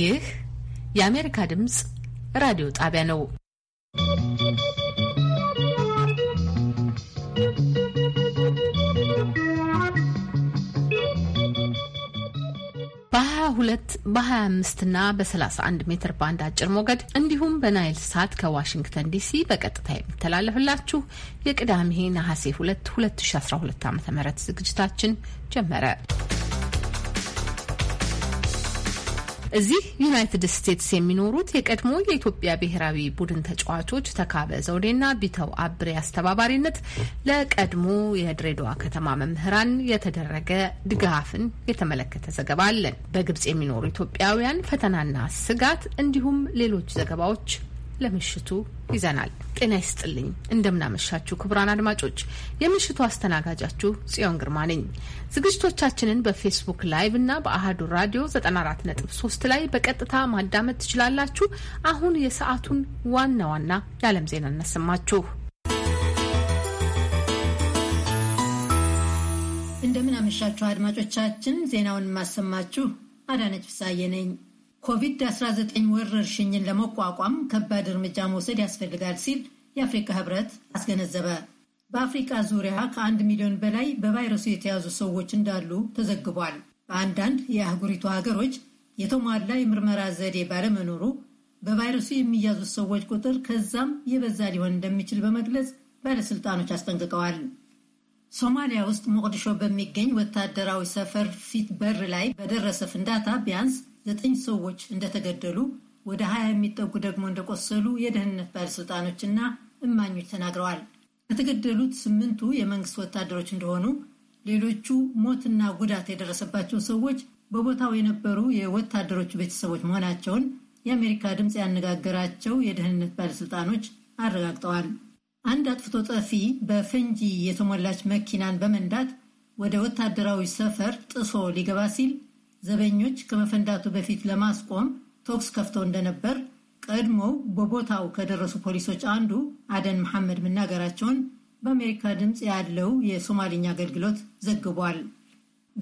ይህ የአሜሪካ ድምፅ ራዲዮ ጣቢያ ነው። በ22 በ25 እና በ31 ሜትር ባንድ አጭር ሞገድ እንዲሁም በናይል ሳት ከዋሽንግተን ዲሲ በቀጥታ የሚተላለፍላችሁ የቅዳሜ ነሐሴ 2 2012 ዓ ም ዝግጅታችን ጀመረ። እዚህ ዩናይትድ ስቴትስ የሚኖሩት የቀድሞ የኢትዮጵያ ብሔራዊ ቡድን ተጫዋቾች ተካበ ዘውዴና ቢተው አብሬ አስተባባሪነት ለቀድሞ የድሬዳዋ ከተማ መምህራን የተደረገ ድጋፍን የተመለከተ ዘገባ አለን። በግብጽ የሚኖሩ ኢትዮጵያውያን ፈተናና ስጋት እንዲሁም ሌሎች ዘገባዎች ለምሽቱ ይዘናል። ጤና ይስጥልኝ፣ እንደምናመሻችሁ ክቡራን አድማጮች፣ የምሽቱ አስተናጋጃችሁ ጽዮን ግርማ ነኝ። ዝግጅቶቻችንን በፌስቡክ ላይቭ እና በአህዱ ራዲዮ 94.3 ላይ በቀጥታ ማዳመጥ ትችላላችሁ። አሁን የሰዓቱን ዋና ዋና የዓለም ዜና እናሰማችሁ። እንደምን አመሻችሁ አድማጮቻችን፣ ዜናውን የማሰማችሁ አዳነች ፍሳዬ ነኝ። ኮቪድ-19 ወረርሽኝን ለመቋቋም ከባድ እርምጃ መውሰድ ያስፈልጋል ሲል የአፍሪካ ህብረት አስገነዘበ። በአፍሪካ ዙሪያ ከአንድ ሚሊዮን በላይ በቫይረሱ የተያዙ ሰዎች እንዳሉ ተዘግቧል። በአንዳንድ የአህጉሪቱ ሀገሮች የተሟላ የምርመራ ዘዴ ባለመኖሩ በቫይረሱ የሚያዙት ሰዎች ቁጥር ከዛም የበዛ ሊሆን እንደሚችል በመግለጽ ባለስልጣኖች አስጠንቅቀዋል። ሶማሊያ ውስጥ ሞቅዲሾ በሚገኝ ወታደራዊ ሰፈር ፊት በር ላይ በደረሰ ፍንዳታ ቢያንስ ዘጠኝ ሰዎች እንደተገደሉ ወደ ሀያ የሚጠጉ ደግሞ እንደቆሰሉ የደህንነት ባለሥልጣኖችና እማኞች ተናግረዋል። ከተገደሉት ስምንቱ የመንግስት ወታደሮች እንደሆኑ፣ ሌሎቹ ሞትና ጉዳት የደረሰባቸው ሰዎች በቦታው የነበሩ የወታደሮቹ ቤተሰቦች መሆናቸውን የአሜሪካ ድምፅ ያነጋገራቸው የደህንነት ባለሥልጣኖች አረጋግጠዋል። አንድ አጥፍቶ ጠፊ በፈንጂ የተሞላች መኪናን በመንዳት ወደ ወታደራዊ ሰፈር ጥሶ ሊገባ ሲል ዘበኞች ከመፈንዳቱ በፊት ለማስቆም ተኩስ ከፍተው እንደነበር ቀድሞው በቦታው ከደረሱ ፖሊሶች አንዱ አደን መሐመድ መናገራቸውን በአሜሪካ ድምፅ ያለው የሶማሊኛ አገልግሎት ዘግቧል።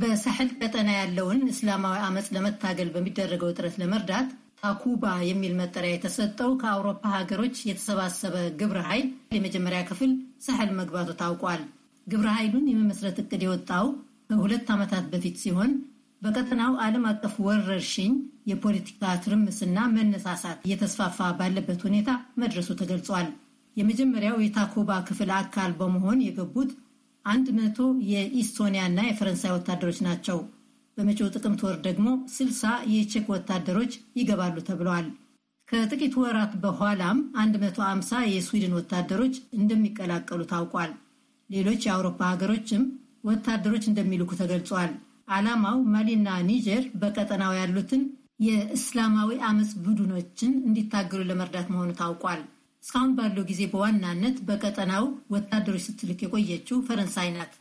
በሳሕል ቀጠና ያለውን እስላማዊ አመፅ ለመታገል በሚደረገው ጥረት ለመርዳት ታኩባ የሚል መጠሪያ የተሰጠው ከአውሮፓ ሀገሮች የተሰባሰበ ግብረ ኃይል የመጀመሪያ ክፍል ሳሕል መግባቱ ታውቋል። ግብረ ኃይሉን የመመስረት ዕቅድ የወጣው ከሁለት ዓመታት በፊት ሲሆን በቀጠናው ዓለም አቀፍ ወረርሽኝ፣ የፖለቲካ ትርምስና መነሳሳት እየተስፋፋ ባለበት ሁኔታ መድረሱ ተገልጿል። የመጀመሪያው የታኩባ ክፍል አካል በመሆን የገቡት አንድ መቶ የኢስቶኒያ የፈረንሳይ ወታደሮች ናቸው። በመጪው ጥቅምት ወር ደግሞ ስልሳ የቼክ ወታደሮች ይገባሉ ተብለዋል። ከጥቂት ወራት በኋላም 150 የስዊድን ወታደሮች እንደሚቀላቀሉ ታውቋል። ሌሎች የአውሮፓ ሀገሮችም ወታደሮች እንደሚልኩ ተገልጿል። ዓላማው ማሊና ኒጀር በቀጠናው ያሉትን የእስላማዊ አመፅ ቡድኖችን እንዲታገሉ ለመርዳት መሆኑ ታውቋል። እስካሁን ባለው ጊዜ በዋናነት በቀጠናው ወታደሮች ስትልክ የቆየችው ፈረንሳይ ናት።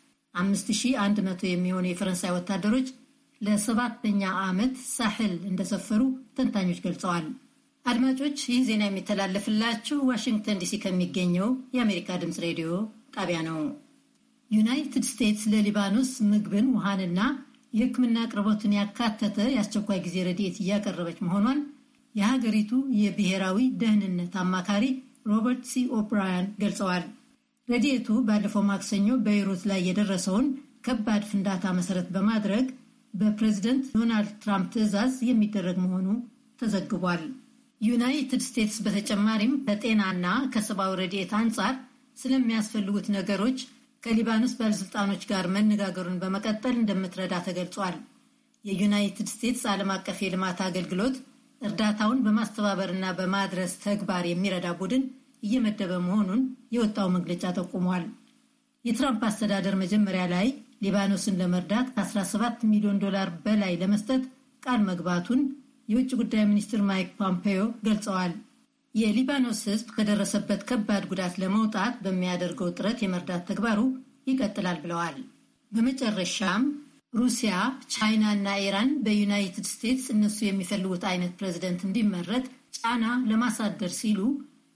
5100 የሚሆኑ የፈረንሳይ ወታደሮች ለሰባተኛ ዓመት ሳሕል እንደሰፈሩ ተንታኞች ገልጸዋል። አድማጮች፣ ይህ ዜና የሚተላለፍላችሁ ዋሽንግተን ዲሲ ከሚገኘው የአሜሪካ ድምፅ ሬዲዮ ጣቢያ ነው። ዩናይትድ ስቴትስ ለሊባኖስ ምግብን፣ ውሃንና የሕክምና አቅርቦትን ያካተተ የአስቸኳይ ጊዜ ረድኤት እያቀረበች መሆኗን የሀገሪቱ የብሔራዊ ደህንነት አማካሪ ሮበርት ሲ ኦብራያን ገልጸዋል። ረድኤቱ ባለፈው ማክሰኞ በቤይሩት ላይ የደረሰውን ከባድ ፍንዳታ መሰረት በማድረግ በፕሬዝደንት ዶናልድ ትራምፕ ትዕዛዝ የሚደረግ መሆኑ ተዘግቧል። ዩናይትድ ስቴትስ በተጨማሪም ከጤናና ከሰብአዊ ረድኤት አንጻር ስለሚያስፈልጉት ነገሮች ከሊባኖስ ባለሥልጣኖች ጋር መነጋገሩን በመቀጠል እንደምትረዳ ተገልጿል። የዩናይትድ ስቴትስ ዓለም አቀፍ የልማት አገልግሎት እርዳታውን በማስተባበርና በማድረስ ተግባር የሚረዳ ቡድን እየመደበ መሆኑን የወጣው መግለጫ ጠቁሟል። የትራምፕ አስተዳደር መጀመሪያ ላይ ሊባኖስን ለመርዳት ከ17 ሚሊዮን ዶላር በላይ ለመስጠት ቃል መግባቱን የውጭ ጉዳይ ሚኒስትር ማይክ ፖምፔዮ ገልጸዋል። የሊባኖስ ሕዝብ ከደረሰበት ከባድ ጉዳት ለመውጣት በሚያደርገው ጥረት የመርዳት ተግባሩ ይቀጥላል ብለዋል። በመጨረሻም ሩሲያ፣ ቻይና እና ኢራን በዩናይትድ ስቴትስ እነሱ የሚፈልጉት አይነት ፕሬዚደንት እንዲመረጥ ጫና ለማሳደር ሲሉ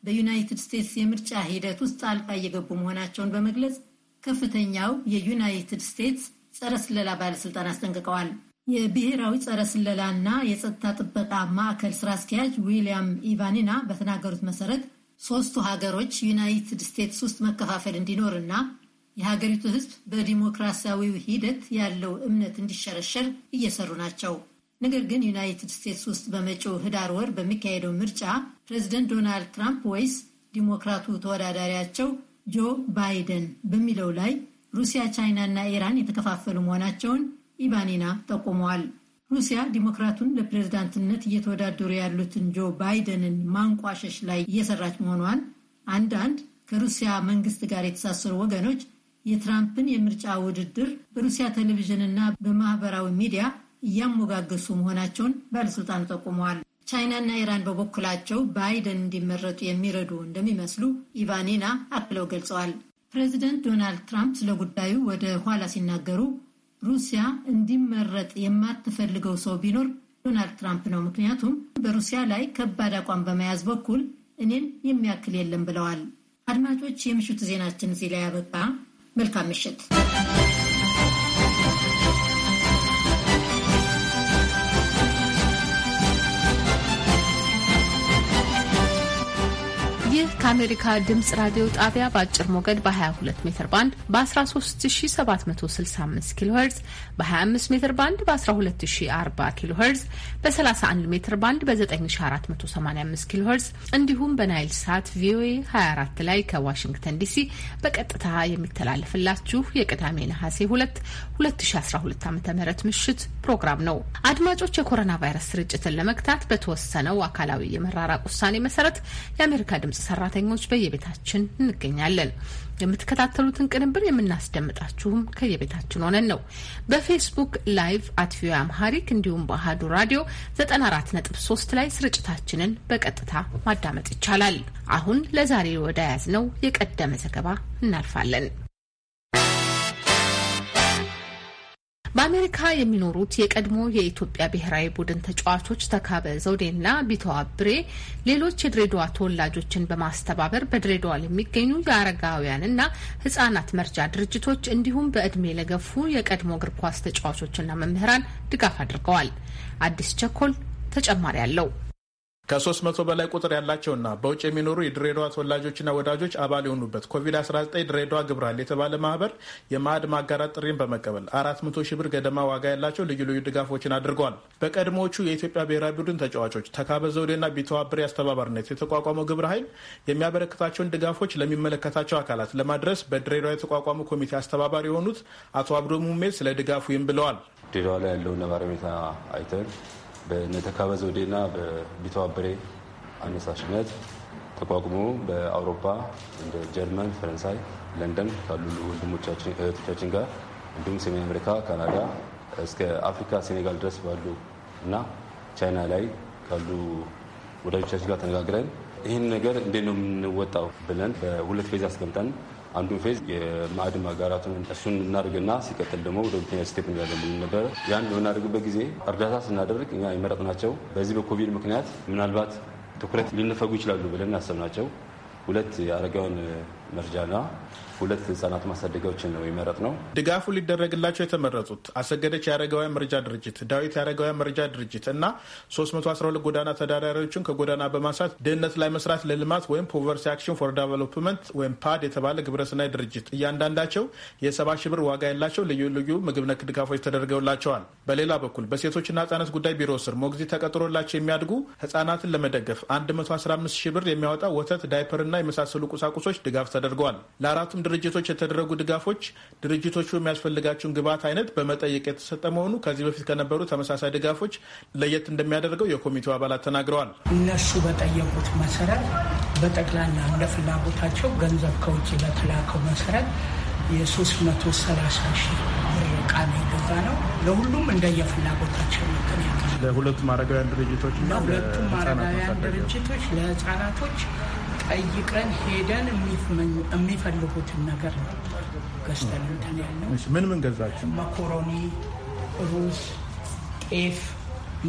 በዩናይትድ ስቴትስ የምርጫ ሂደት ውስጥ ጣልቃ እየገቡ መሆናቸውን በመግለጽ ከፍተኛው የዩናይትድ ስቴትስ ጸረ ስለላ ባለስልጣን አስጠንቅቀዋል። የብሔራዊ ጸረ ስለላና የጸጥታ ጥበቃ ማዕከል ስራ አስኪያጅ ዊሊያም ኢቫኒና በተናገሩት መሰረት ሶስቱ ሀገሮች ዩናይትድ ስቴትስ ውስጥ መከፋፈል እንዲኖርና የሀገሪቱ ሕዝብ በዲሞክራሲያዊው ሂደት ያለው እምነት እንዲሸረሸር እየሰሩ ናቸው። ነገር ግን ዩናይትድ ስቴትስ ውስጥ በመጪው ህዳር ወር በሚካሄደው ምርጫ ፕሬዚደንት ዶናልድ ትራምፕ ወይስ ዲሞክራቱ ተወዳዳሪያቸው ጆ ባይደን በሚለው ላይ ሩሲያ፣ ቻይና እና ኢራን የተከፋፈሉ መሆናቸውን ኢባኒና ጠቁመዋል። ሩሲያ ዲሞክራቱን ለፕሬዝዳንትነት እየተወዳደሩ ያሉትን ጆ ባይደንን ማንቋሸሽ ላይ እየሰራች መሆኗን አንዳንድ ከሩሲያ መንግስት ጋር የተሳሰሩ ወገኖች የትራምፕን የምርጫ ውድድር በሩሲያ ቴሌቪዥንና በማህበራዊ ሚዲያ እያሞጋገሱ መሆናቸውን ባለስልጣኑ ጠቁመዋል። ቻይና እና ኢራን በበኩላቸው ባይደን እንዲመረጡ የሚረዱ እንደሚመስሉ ኢቫኒና አክለው ገልጸዋል። ፕሬዚደንት ዶናልድ ትራምፕ ስለ ጉዳዩ ወደ ኋላ ሲናገሩ ሩሲያ እንዲመረጥ የማትፈልገው ሰው ቢኖር ዶናልድ ትራምፕ ነው፣ ምክንያቱም በሩሲያ ላይ ከባድ አቋም በመያዝ በኩል እኔን የሚያክል የለም ብለዋል። አድማጮች፣ የምሽቱ ዜናችን እዚህ ላይ አበቃ። መልካም ምሽት። ይህ ከአሜሪካ ድምፅ ራዲዮ ጣቢያ በአጭር ሞገድ በ22 ሜትር ባንድ በ13765 ኪሎ ሄርዝ በ25 ሜትር ባንድ በ1240 ኪሎ ሄርዝ በ31 ሜትር ባንድ በ9485 ኪሎ ሄርዝ እንዲሁም በናይል ሳት ቪኦኤ 24 ላይ ከዋሽንግተን ዲሲ በቀጥታ የሚተላለፍላችሁ የቅዳሜ ነሐሴ 2 2012 ዓ ም ምሽት ፕሮግራም ነው። አድማጮች የኮሮና ቫይረስ ስርጭትን ለመግታት በተወሰነው አካላዊ የመራራቅ ውሳኔ መሰረት የአሜሪካ ድምጽ ሰራተኞች በየቤታችን እንገኛለን። የምትከታተሉትን ቅንብር የምናስደምጣችሁም ከየቤታችን ሆነን ነው። በፌስቡክ ላይቭ አት ቪኦኤ አምሃሪክ እንዲሁም በአህዱ ራዲዮ 94.3 ላይ ስርጭታችንን በቀጥታ ማዳመጥ ይቻላል። አሁን ለዛሬ ወደ ያዝ ነው የቀደመ ዘገባ እናልፋለን። በአሜሪካ የሚኖሩት የቀድሞ የኢትዮጵያ ብሔራዊ ቡድን ተጫዋቾች ተካበ ዘውዴና ቢተዋ ብሬ ሌሎች የድሬዳዋ ተወላጆችን በማስተባበር በድሬዳዋ የሚገኙ የአረጋውያንና ሕጻናት መርጃ ድርጅቶች እንዲሁም በእድሜ ለገፉ የቀድሞ እግር ኳስ ተጫዋቾችና መምህራን ድጋፍ አድርገዋል። አዲስ ቸኮል ተጨማሪ አለው። ከሶስት መቶ በላይ ቁጥር ያላቸውና በውጭ የሚኖሩ የድሬዳዋ ተወላጆችና ወዳጆች አባል የሆኑበት ኮቪድ-19 ድሬዳዋ ግብራል የተባለ ማህበር የማዕድ ማጋራት ጥሪን በመቀበል አራት መቶ ሺህ ብር ገደማ ዋጋ ያላቸው ልዩ ልዩ ድጋፎችን አድርጓል። በቀድሞዎቹ የኢትዮጵያ ብሔራዊ ቡድን ተጫዋቾች ተካበ ዘውዴና ቢተዋብሬ አስተባባሪነት የተቋቋመው ግብረ ኃይል የሚያበረክታቸውን ድጋፎች ለሚመለከታቸው አካላት ለማድረስ በድሬዳዋ የተቋቋመው ኮሚቴ አስተባባሪ የሆኑት አቶ አብዶ ሙሜድ ስለ ድጋፉ ይም ብለዋል። ድሬዳዋ ላይ ያለውን ነባራዊ ሁኔታ አይተን በነተካበ ዘውዴና በቢቶ አነሳሽነት ተቋቁሞ በአውሮፓ እንደ ጀርመን፣ ፈረንሳይ፣ ለንደን ካሉ ወንድሞቻችን እህቶቻችን ጋር እንዲሁም ሰሜን አሜሪካ፣ ካናዳ እስከ አፍሪካ ሴኔጋል ድረስ ባሉ እና ቻይና ላይ ካሉ ወዳጆቻችን ጋር ተነጋግረን ይህን ነገር እንዴት ነው የምንወጣው ብለን በሁለት ፌዝ አስቀምጠን አንዱን ፌዝ የማዕድን ማጋራቱን እሱን እናድርግና ሲቀጥል ደግሞ ወደ ሁለተኛ ስቴፕ እንሄዳለን ነበረ። ያን በምናደርግበት ጊዜ እርዳታ ስናደርግ እኛ ናቸው። በዚህ በኮቪድ ምክንያት ምናልባት ትኩረት ሊነፈጉ ይችላሉ ብለን ያሰብናቸው ሁለት የአረጋውያን መርጃና ሁለት ህጻናት ማሳደጊያዎችን ነው የመረጥ ነው። ድጋፉ ሊደረግላቸው የተመረጡት አሰገደች የአረጋውያን መርጃ ድርጅት፣ ዳዊት የአረጋውያን መርጃ ድርጅት እና 312 ጎዳና ተዳዳሪዎችን ከጎዳና በማንሳት ድህነት ላይ መስራት ለልማት ወይም ፖቨርሲ አክሽን ፎር ዲቨሎፕመንት ወይም ፓድ የተባለ ግብረስናይ ድርጅት እያንዳንዳቸው የሰባ ሽብር ብር ዋጋ ያላቸው ልዩ ልዩ ምግብ ነክ ድጋፎች ተደርገውላቸዋል። በሌላ በኩል በሴቶችና ህጻናት ጉዳይ ቢሮ ስር ሞግዚ ተቀጥሮላቸው የሚያድጉ ህጻናትን ለመደገፍ 115 ሺ ብር የሚያወጣ ወተት፣ ዳይፐርና የመሳሰሉ ቁሳቁሶች ድጋፍ ተደርገዋል። በአራቱም ድርጅቶች የተደረጉ ድጋፎች ድርጅቶቹ የሚያስፈልጋቸውን ግብዓት አይነት በመጠየቅ የተሰጠ መሆኑ ከዚህ በፊት ከነበሩ ተመሳሳይ ድጋፎች ለየት እንደሚያደርገው የኮሚቴው አባላት ተናግረዋል። እነሱ በጠየቁት መሰረት በጠቅላላ እንደ ፍላጎታቸው ገንዘብ ከውጭ በተላከው መሰረት የ330 ሺህ ቃ የገዛ ነው። ለሁሉም እንደየፍላጎታቸው ምክንያት ለሁለቱም አረጋውያን ድርጅቶች ለሁለቱም አረጋውያን ድርጅቶች ለህፃናቶች ጠይቀን ሄደን የሚፈልጉትን ነገር ነው ገዝተን ያለው። ምን ምን ገዛችሁ? መኮሮኒ፣ ሩዝ፣ ጤፍ፣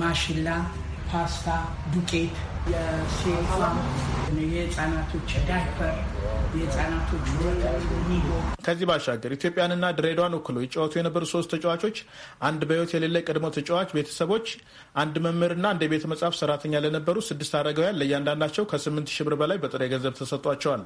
ማሽላ፣ ፓስታ፣ ዱቄት፣ የሴፋ የህፃናቶች ዳይፐር ከዚህ ባሻገር ኢትዮጵያንና ድሬዳዋን ወክሎ ይጫወቱ የነበሩ ሶስት ተጫዋቾች፣ አንድ በህይወት የሌለ ቀድሞ ተጫዋች ቤተሰቦች፣ አንድ መምህርና አንድ የቤተ መጽሐፍ ሰራተኛ ለነበሩ ስድስት አረጋውያን ለእያንዳንዳቸው ከስምንት ሺህ ብር በላይ በጥሬ ገንዘብ ተሰጥቷቸዋል።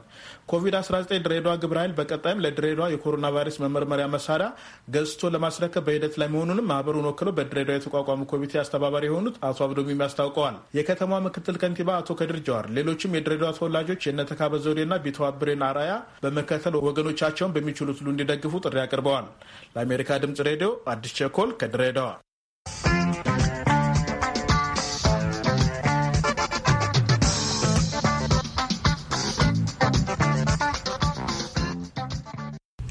ኮቪድ-19 ድሬዳዋ ግብረ ኃይል በቀጣይም ለድሬዳዋ የኮሮና ቫይረስ መመርመሪያ መሳሪያ ገዝቶ ለማስረከብ በሂደት ላይ መሆኑንም ማህበሩን ወክሎ በድሬዳዋ የተቋቋሙ ኮሚቴ አስተባባሪ የሆኑት አቶ አብዶሚም ያስታውቀዋል። የከተማ ምክትል ከንቲባ አቶ ከድር ጀዋር፣ ሌሎችም የድሬዳዋ ተወላጆች የነተካበ ዘውዴና ቢተዋብር መርህን አራያ በመከተል ወገኖቻቸውን በሚችሉት ሁሉ እንዲደግፉ ጥሪ አቅርበዋል። ለአሜሪካ ድምጽ ሬዲዮ አዲስ ቸኮል ከድሬዳዋ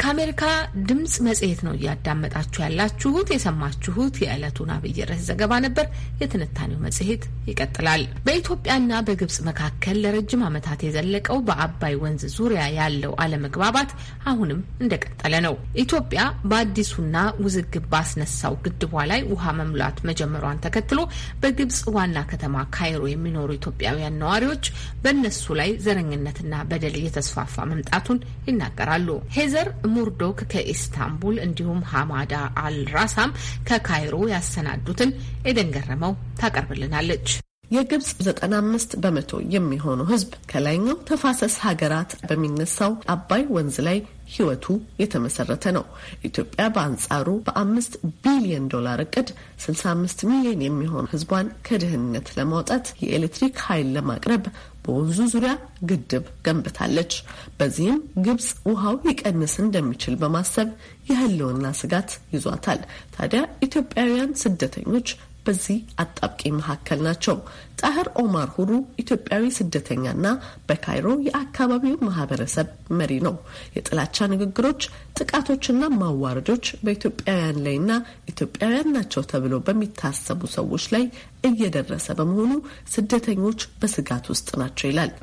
ከአሜሪካ ድምጽ መጽሔት ነው እያዳመጣችሁ ያላችሁት። የሰማችሁት የዕለቱን አብይ ርዕስ ዘገባ ነበር። የትንታኔው መጽሔት ይቀጥላል። በኢትዮጵያና በግብጽ መካከል ለረጅም ዓመታት የዘለቀው በአባይ ወንዝ ዙሪያ ያለው አለመግባባት አሁንም እንደቀጠለ ነው። ኢትዮጵያ በአዲሱና ውዝግብ ባስነሳው ግድቧ ላይ ውሃ መሙላት መጀመሯን ተከትሎ በግብጽ ዋና ከተማ ካይሮ የሚኖሩ ኢትዮጵያውያን ነዋሪዎች በእነሱ ላይ ዘረኝነትና በደል እየተስፋፋ መምጣቱን ይናገራሉ። ሄዘር ሙርዶክ ከኢስታንቡል እንዲሁም ሀማዳ አልራሳም ከካይሮ ያሰናዱትን ኤደን ገረመው ታቀርብልናለች። የግብጽ 95 በመቶ የሚሆኑ ህዝብ ከላይኛው ተፋሰስ ሀገራት በሚነሳው አባይ ወንዝ ላይ ህይወቱ የተመሰረተ ነው። ኢትዮጵያ በአንጻሩ በአምስት ቢሊዮን ዶላር እቅድ 65 ሚሊዮን የሚሆኑ ህዝቧን ከድህነት ለማውጣት የኤሌክትሪክ ኃይል ለማቅረብ በወንዙ ዙሪያ ግድብ ገንብታለች። በዚህም ግብጽ ውሃው ሊቀንስ እንደሚችል በማሰብ የህልውና ስጋት ይዟታል። ታዲያ ኢትዮጵያውያን ስደተኞች በዚህ አጣብቂ መካከል ናቸው። ጣህር ኦማር ሁሩ ኢትዮጵያዊ ስደተኛና በካይሮ የአካባቢው ማህበረሰብ መሪ ነው። የጥላቻ ንግግሮች፣ ጥቃቶችና ማዋረዶች በኢትዮጵያውያን ላይና ኢትዮጵያውያን ናቸው ተብለው በሚታሰቡ ሰዎች ላይ እየደረሰ በመሆኑ ስደተኞች በስጋት ውስጥ ናቸው ይላል።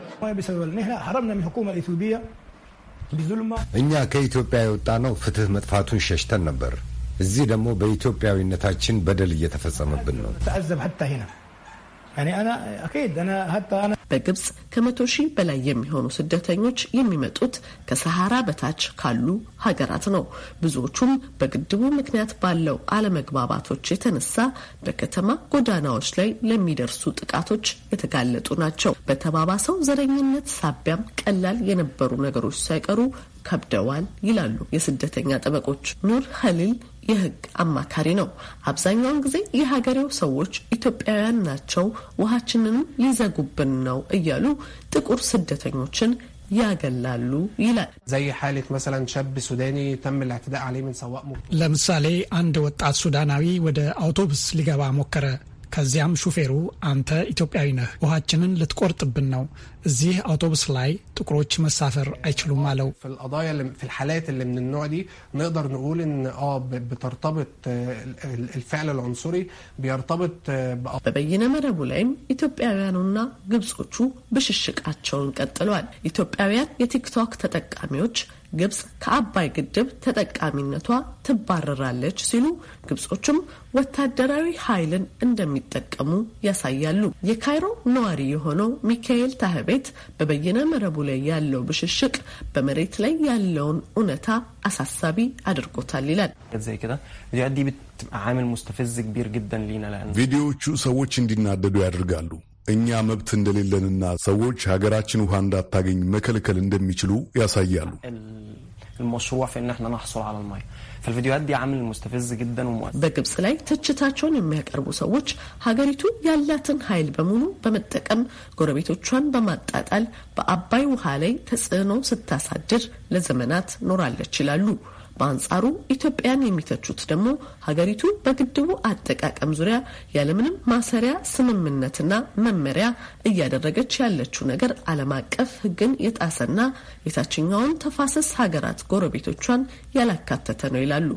እኛ ከኢትዮጵያ የወጣ ነው ፍትህ መጥፋቱን ሸሽተን ነበር እዚህ ደግሞ በኢትዮጵያዊነታችን በደል እየተፈጸመብን ነው። በግብጽ ከመቶ ሺህ በላይ የሚሆኑ ስደተኞች የሚመጡት ከሰሃራ በታች ካሉ ሀገራት ነው። ብዙዎቹም በግድቡ ምክንያት ባለው አለመግባባቶች የተነሳ በከተማ ጎዳናዎች ላይ ለሚደርሱ ጥቃቶች የተጋለጡ ናቸው። በተባባሰው ዘረኝነት ሳቢያም ቀላል የነበሩ ነገሮች ሳይቀሩ ከብደዋል ይላሉ የስደተኛ ጠበቆች ኑር ኸሊል የህግ አማካሪ ነው። አብዛኛውን ጊዜ የሀገሬው ሰዎች ኢትዮጵያውያን ናቸው፣ ውሃችንንም ሊዘጉብን ነው እያሉ ጥቁር ስደተኞችን ያገላሉ ይላል። ለምሳሌ አንድ ወጣት ሱዳናዊ ወደ አውቶቡስ ሊገባ ሞከረ። ከዚያም ሹፌሩ አንተ ኢትዮጵያዊ ነህ፣ ውሃችንን ልትቆርጥብን ነው፣ እዚህ አውቶቡስ ላይ ጥቁሮች መሳፈር አይችሉም አለው። በበይነ መረቡ ላይም ኢትዮጵያውያኑና ግብጾቹ ብሽሽቃቸውን ቀጥለዋል። ኢትዮጵያውያን የቲክቶክ ተጠቃሚዎች ግብጽ ከአባይ ግድብ ተጠቃሚነቷ ትባረራለች ሲሉ ግብጾችም ወታደራዊ ኃይልን እንደሚጠቀሙ ያሳያሉ። የካይሮ ነዋሪ የሆነው ሚካኤል ታህቤ ቤት በበይነ መረቡ ላይ ያለው ብሽሽቅ በመሬት ላይ ያለውን እውነታ አሳሳቢ አድርጎታል ይላል። ቪዲዮዎቹ ሰዎች እንዲናደዱ ያደርጋሉ። እኛ መብት እንደሌለንና ሰዎች ሀገራችን ውሃ እንዳታገኝ መከልከል እንደሚችሉ ያሳያሉ። فالفيديوهات دي عامل مستفز جدا ومؤثر በግብጽ ላይ ትችታቸውን የሚያቀርቡ ሰዎች ሀገሪቱ ያላትን ኃይል በሙሉ በመጠቀም ጎረቤቶቿን በማጣጣል በአባይ ውሃ ላይ ተጽዕኖ ስታሳድር ለዘመናት ኖራለች ይላሉ። በአንጻሩ ኢትዮጵያን የሚተቹት ደግሞ ሀገሪቱ በግድቡ አጠቃቀም ዙሪያ ያለምንም ማሰሪያ ስምምነትና መመሪያ እያደረገች ያለችው ነገር ዓለም አቀፍ ሕግን የጣሰና የታችኛውን ተፋሰስ ሀገራት ጎረቤቶቿን ያላካተተ ነው ይላሉ።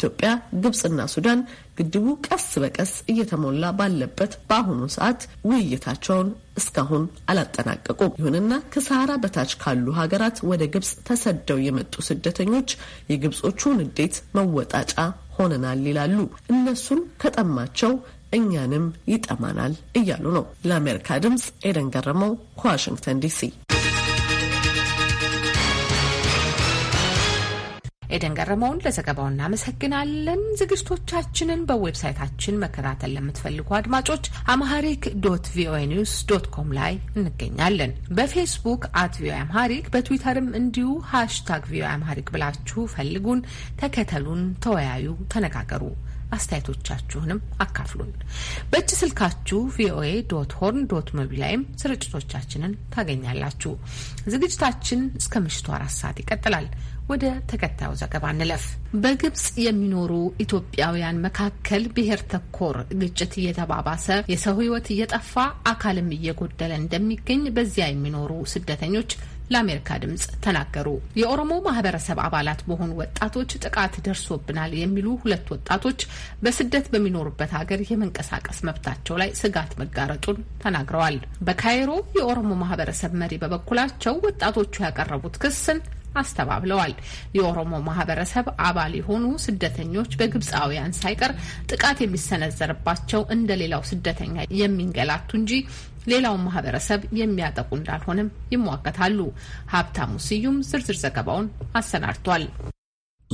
ኢትዮጵያ፣ ግብጽና ሱዳን ግድቡ ቀስ በቀስ እየተሞላ ባለበት በአሁኑ ሰዓት ውይይታቸውን እስካሁን አላጠናቀቁም። ይሁንና ከሰሃራ በታች ካሉ ሀገራት ወደ ግብጽ ተሰደው የመጡ ስደተኞች የግብጾቹን ንዴት መወጣጫ ሆነናል ይላሉ። እነሱን ከጠማቸው እኛንም ይጠማናል እያሉ ነው። ለአሜሪካ ድምፅ ኤደን ገረመው ከዋሽንግተን ዲሲ ኤደን ገረመውን ለዘገባው እናመሰግናለን። ዝግጅቶቻችንን በዌብሳይታችን መከታተል ለምትፈልጉ አድማጮች አምሃሪክ ዶት ቪኦኤ ኒውስ ዶት ኮም ላይ እንገኛለን። በፌስቡክ አት ቪኦኤ አምሃሪክ፣ በትዊተርም እንዲሁ ሃሽታግ ቪኦኤ አምሃሪክ ብላችሁ ፈልጉን፣ ተከተሉን፣ ተወያዩ፣ ተነጋገሩ። አስተያየቶቻችሁንም አካፍሉን። በእጅ ስልካችሁ ቪኦኤ ዶት ሆርን ዶት ሞቢ ላይም ስርጭቶቻችንን ታገኛላችሁ። ዝግጅታችን እስከ ምሽቱ አራት ሰዓት ይቀጥላል። ወደ ተከታዩ ዘገባ እንለፍ። በግብጽ የሚኖሩ ኢትዮጵያውያን መካከል ብሔር ተኮር ግጭት እየተባባሰ የሰው ሕይወት እየጠፋ አካልም እየጎደለ እንደሚገኝ በዚያ የሚኖሩ ስደተኞች ለአሜሪካ ድምጽ ተናገሩ። የኦሮሞ ማህበረሰብ አባላት በሆኑ ወጣቶች ጥቃት ደርሶብናል የሚሉ ሁለት ወጣቶች በስደት በሚኖሩበት ሀገር የመንቀሳቀስ መብታቸው ላይ ስጋት መጋረጡን ተናግረዋል። በካይሮ የኦሮሞ ማህበረሰብ መሪ በበኩላቸው ወጣቶቹ ያቀረቡት ክስን አስተባብለዋል። የኦሮሞ ማህበረሰብ አባል የሆኑ ስደተኞች በግብፃውያን ሳይቀር ጥቃት የሚሰነዘርባቸው እንደሌላው ስደተኛ የሚንገላቱ እንጂ ሌላውን ማህበረሰብ የሚያጠቁ እንዳልሆነም ይሟገታሉ። ሀብታሙ ስዩም ዝርዝር ዘገባውን አሰናድቷል።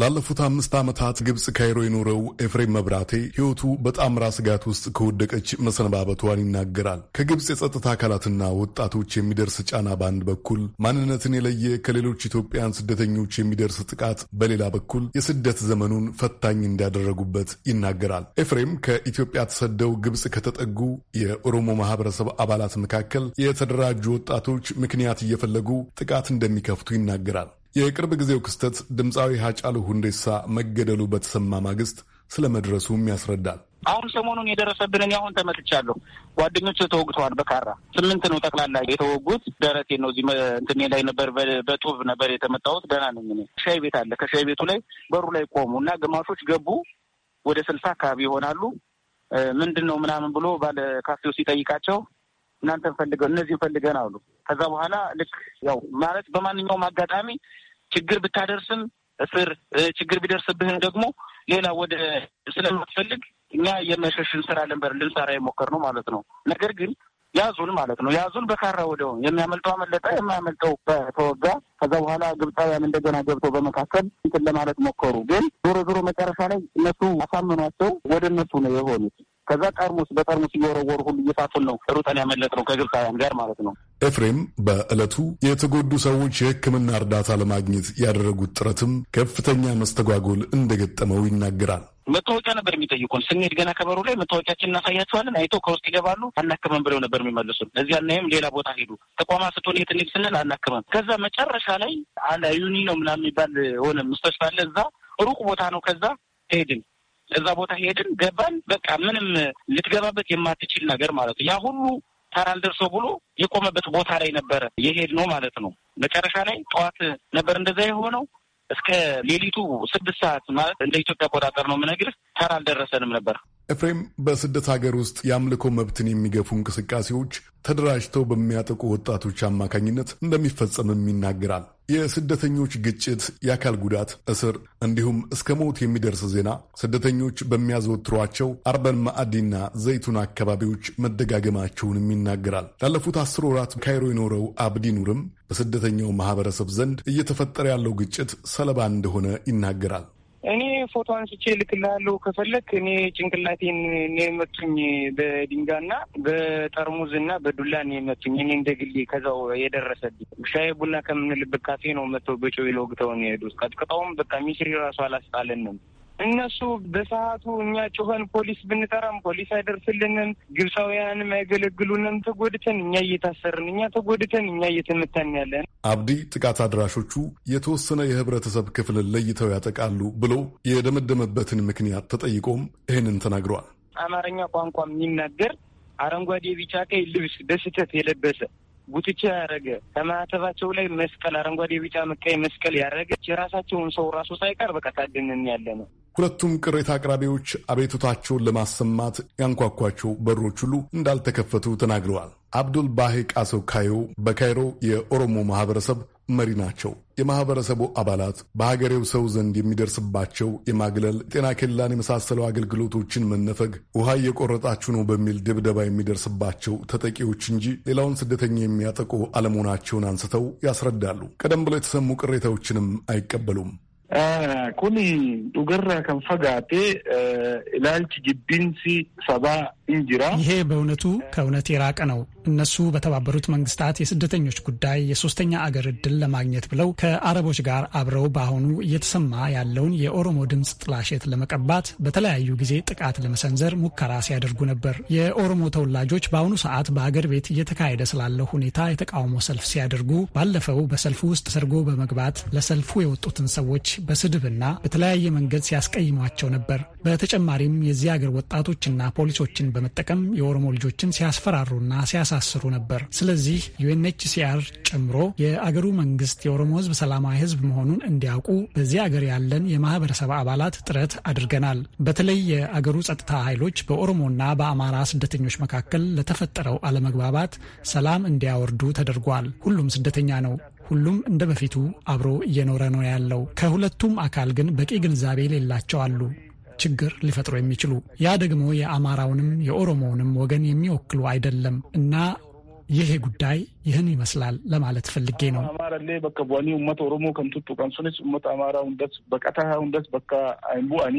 ላለፉት አምስት ዓመታት ግብፅ ካይሮ የኖረው ኤፍሬም መብራቴ ሕይወቱ በጣምራ ስጋት ውስጥ ከወደቀች መሰነባበቷን ይናገራል። ከግብፅ የጸጥታ አካላትና ወጣቶች የሚደርስ ጫና በአንድ በኩል፣ ማንነትን የለየ ከሌሎች ኢትዮጵያን ስደተኞች የሚደርስ ጥቃት በሌላ በኩል የስደት ዘመኑን ፈታኝ እንዳደረጉበት ይናገራል። ኤፍሬም ከኢትዮጵያ ተሰደው ግብፅ ከተጠጉ የኦሮሞ ማህበረሰብ አባላት መካከል የተደራጁ ወጣቶች ምክንያት እየፈለጉ ጥቃት እንደሚከፍቱ ይናገራል። የቅርብ ጊዜው ክስተት ድምፃዊ ሀጫሉ ሁንዴሳ መገደሉ በተሰማ ማግስት ስለ መድረሱም ያስረዳል። አሁን ሰሞኑን የደረሰብንን አሁን ተመልቻለሁ። ጓደኞች ተወግተዋል። በካራ ስምንት ነው ጠቅላላ የተወጉት። ደረቴ ነው እዚህ እንትኔ ላይ ነበር፣ በጡብ ነበር የተመታሁት። ደህና ነኝ እኔ። ሻይ ቤት አለ። ከሻይ ቤቱ ላይ በሩ ላይ ቆሙ እና ግማሾች ገቡ። ወደ ስልሳ አካባቢ ይሆናሉ። ምንድን ነው ምናምን ብሎ ባለ ካፌው ሲጠይቃቸው እናንተን ፈልገን እነዚህን ፈልገን አሉ። ከዛ በኋላ ልክ ያው ማለት በማንኛውም አጋጣሚ ችግር ብታደርስም እስር ችግር ቢደርስብህም ደግሞ ሌላ ወደ ስለማትፈልግ እኛ የመሸሽን ስራ ልንበር ልንሰራ የሞከር ነው ማለት ነው። ነገር ግን ያዙን ማለት ነው። ያዙን በካራ ወደው የሚያመልጠው አመለጠ፣ የማያመልጠው ተወጋ። ከዛ በኋላ ግብፃውያን እንደገና ገብተው በመካከል እንትን ለማለት ሞከሩ። ግን ዞሮ ዞሮ መጨረሻ ላይ እነሱ አሳምኗቸው ወደ እነሱ ነው የሆኑት። ከዛ ጠርሙስ በጠርሙስ እየወረወሩ ሁሉ እየሳቱን ነው ሩጠን ያመለጥ ነው ከግብፃውያን ጋር ማለት ነው። ኤፍሬም በዕለቱ የተጎዱ ሰዎች የሕክምና እርዳታ ለማግኘት ያደረጉት ጥረትም ከፍተኛ መስተጓጎል እንደገጠመው ይናገራል። መታወቂያ ነበር የሚጠይቁን። ስንሄድ ገና ከበሩ ላይ መታወቂያችን እናሳያቸዋለን። አይቶ ከውስጥ ይገባሉ። አናክመም ብለው ነበር የሚመልሱን። እዚያ እናይም ሌላ ቦታ ሄዱ። ተቋማ ስትሆን የት እንሂድ ስንል አናክመም። ከዛ መጨረሻ ላይ አለ ዩኒ ነው ምናምን የሚባል ሆነ ምስተሽፋ አለ። እዛ ሩቅ ቦታ ነው። ከዛ ሄድን እዛ ቦታ ሄድን ገባን። በቃ ምንም ልትገባበት የማትችል ነገር ማለት ነው ያ ሁሉ ተራ አልደርሰው ብሎ የቆመበት ቦታ ላይ ነበረ የሄድ ነው ማለት ነው። መጨረሻ ላይ ጠዋት ነበር እንደዛ የሆነው እስከ ሌሊቱ ስድስት ሰዓት ማለት እንደ ኢትዮጵያ አቆጣጠር ነው የምነግርህ ተራ አልደረሰንም ነበር። ኤፍሬም በስደት ሀገር ውስጥ የአምልኮ መብትን የሚገፉ እንቅስቃሴዎች ተደራጅተው በሚያጠቁ ወጣቶች አማካኝነት እንደሚፈጸምም ይናገራል። የስደተኞች ግጭት፣ የአካል ጉዳት፣ እስር እንዲሁም እስከ ሞት የሚደርስ ዜና ስደተኞች በሚያዘወትሯቸው አርበን ማዕዲና ዘይቱን አካባቢዎች መደጋገማቸውንም ይናገራል። ላለፉት አስር ወራት ካይሮ የኖረው አብዲ ኑርም በስደተኛው ማህበረሰብ ዘንድ እየተፈጠረ ያለው ግጭት ሰለባ እንደሆነ ይናገራል። ፎቶ አንስቼ ልክልሃለሁ ከፈለግ። እኔ ጭንቅላቴን ነው የመቱኝ በድንጋይና በጠርሙዝ እና በዱላ ነው የመቱኝ። እኔ እንደ ግሌ ከዛው የደረሰብኝ ሻይ ቡና ከምንልበት ካፌ ነው መጥተው በጮቤ ወግተውን የሄዱት። ቀጥቅጠውም በቃ ሚስሪ ራሱ አላስጣለንም። እነሱ በሰዓቱ እኛ ጩኸን ፖሊስ ብንጠራም ፖሊስ አይደርስልንም። ግብፃውያንም አይገለግሉንም። ተጎድተን እኛ እየታሰርን እኛ ተጎድተን እኛ እየተመታን ያለን። አብዲ ጥቃት አድራሾቹ የተወሰነ የህብረተሰብ ክፍልን ለይተው ያጠቃሉ ብሎ የደመደመበትን ምክንያት ተጠይቆም ይህንን ተናግረዋል። አማርኛ ቋንቋ የሚናገር አረንጓዴ፣ ቢጫ፣ ቀይ ልብስ በስህተት የለበሰ ጉትቻ ያደረገ ከማተባቸው ላይ መስቀል አረንጓዴ፣ ቢጫ፣ ቀይ መስቀል ያደረገ የራሳቸውን ሰው ራሱ ሳይቀር በቃ ታድንን ያለ ነው። ሁለቱም ቅሬታ አቅራቢዎች አቤቱታቸውን ለማሰማት ያንኳኳቸው በሮች ሁሉ እንዳልተከፈቱ ተናግረዋል። አብዱል ባሂ ቃሰው ካዮ በካይሮ የኦሮሞ ማህበረሰብ መሪ ናቸው። የማህበረሰቡ አባላት በሀገሬው ሰው ዘንድ የሚደርስባቸው የማግለል ጤና ኬላን የመሳሰሉ አገልግሎቶችን መነፈግ፣ ውሃ እየቆረጣችሁ ነው በሚል ድብደባ የሚደርስባቸው ተጠቂዎች እንጂ ሌላውን ስደተኛ የሚያጠቁ አለመሆናቸውን አንስተው ያስረዳሉ። ቀደም ብሎ የተሰሙ ቅሬታዎችንም አይቀበሉም። ኩኒ ዱገራ ከንፈጋቴ ኢላልች ጅቢንሲ ሰባ እንጅራ ይሄ በእውነቱ ከእውነት የራቀ ነው። እነሱ በተባበሩት መንግስታት የስደተኞች ጉዳይ የሶስተኛ አገር እድል ለማግኘት ብለው ከአረቦች ጋር አብረው በአሁኑ እየተሰማ ያለውን የኦሮሞ ድምፅ ጥላሸት ለመቀባት በተለያዩ ጊዜ ጥቃት ለመሰንዘር ሙከራ ሲያደርጉ ነበር። የኦሮሞ ተወላጆች በአሁኑ ሰዓት በአገር ቤት እየተካሄደ ስላለው ሁኔታ የተቃውሞ ሰልፍ ሲያደርጉ ባለፈው በሰልፉ ውስጥ ሰርጎ በመግባት ለሰልፉ የወጡትን ሰዎች በስድብና በተለያየ መንገድ ሲያስቀይሟቸው ነበር። በተጨማሪም የዚህ አገር ወጣቶችና ፖሊሶችን በመጠቀም የኦሮሞ ልጆችን ሲያስፈራሩና ሲያሳ የመሳሰሉ ነበር። ስለዚህ ዩኤንኤችሲአር ጨምሮ የአገሩ መንግስት የኦሮሞ ህዝብ ሰላማዊ ህዝብ መሆኑን እንዲያውቁ በዚህ አገር ያለን የማህበረሰብ አባላት ጥረት አድርገናል። በተለይ የአገሩ ጸጥታ ኃይሎች በኦሮሞና በአማራ ስደተኞች መካከል ለተፈጠረው አለመግባባት ሰላም እንዲያወርዱ ተደርጓል። ሁሉም ስደተኛ ነው። ሁሉም እንደ በፊቱ አብሮ እየኖረ ነው ያለው። ከሁለቱም አካል ግን በቂ ግንዛቤ ሌላቸው አሉ። ችግር ሊፈጥሩ የሚችሉ ያ ደግሞ የአማራውንም የኦሮሞውንም ወገን የሚወክሉ አይደለም እና ይሄ ጉዳይ ይህን ይመስላል ለማለት ፈልጌ ነው። አማራሌ በከ ኦሮሞ ከምትጡ ቀንሱነች መት አማራ ሁንደስ በቀታ ሁንደስ በካ አይንቡ አኒ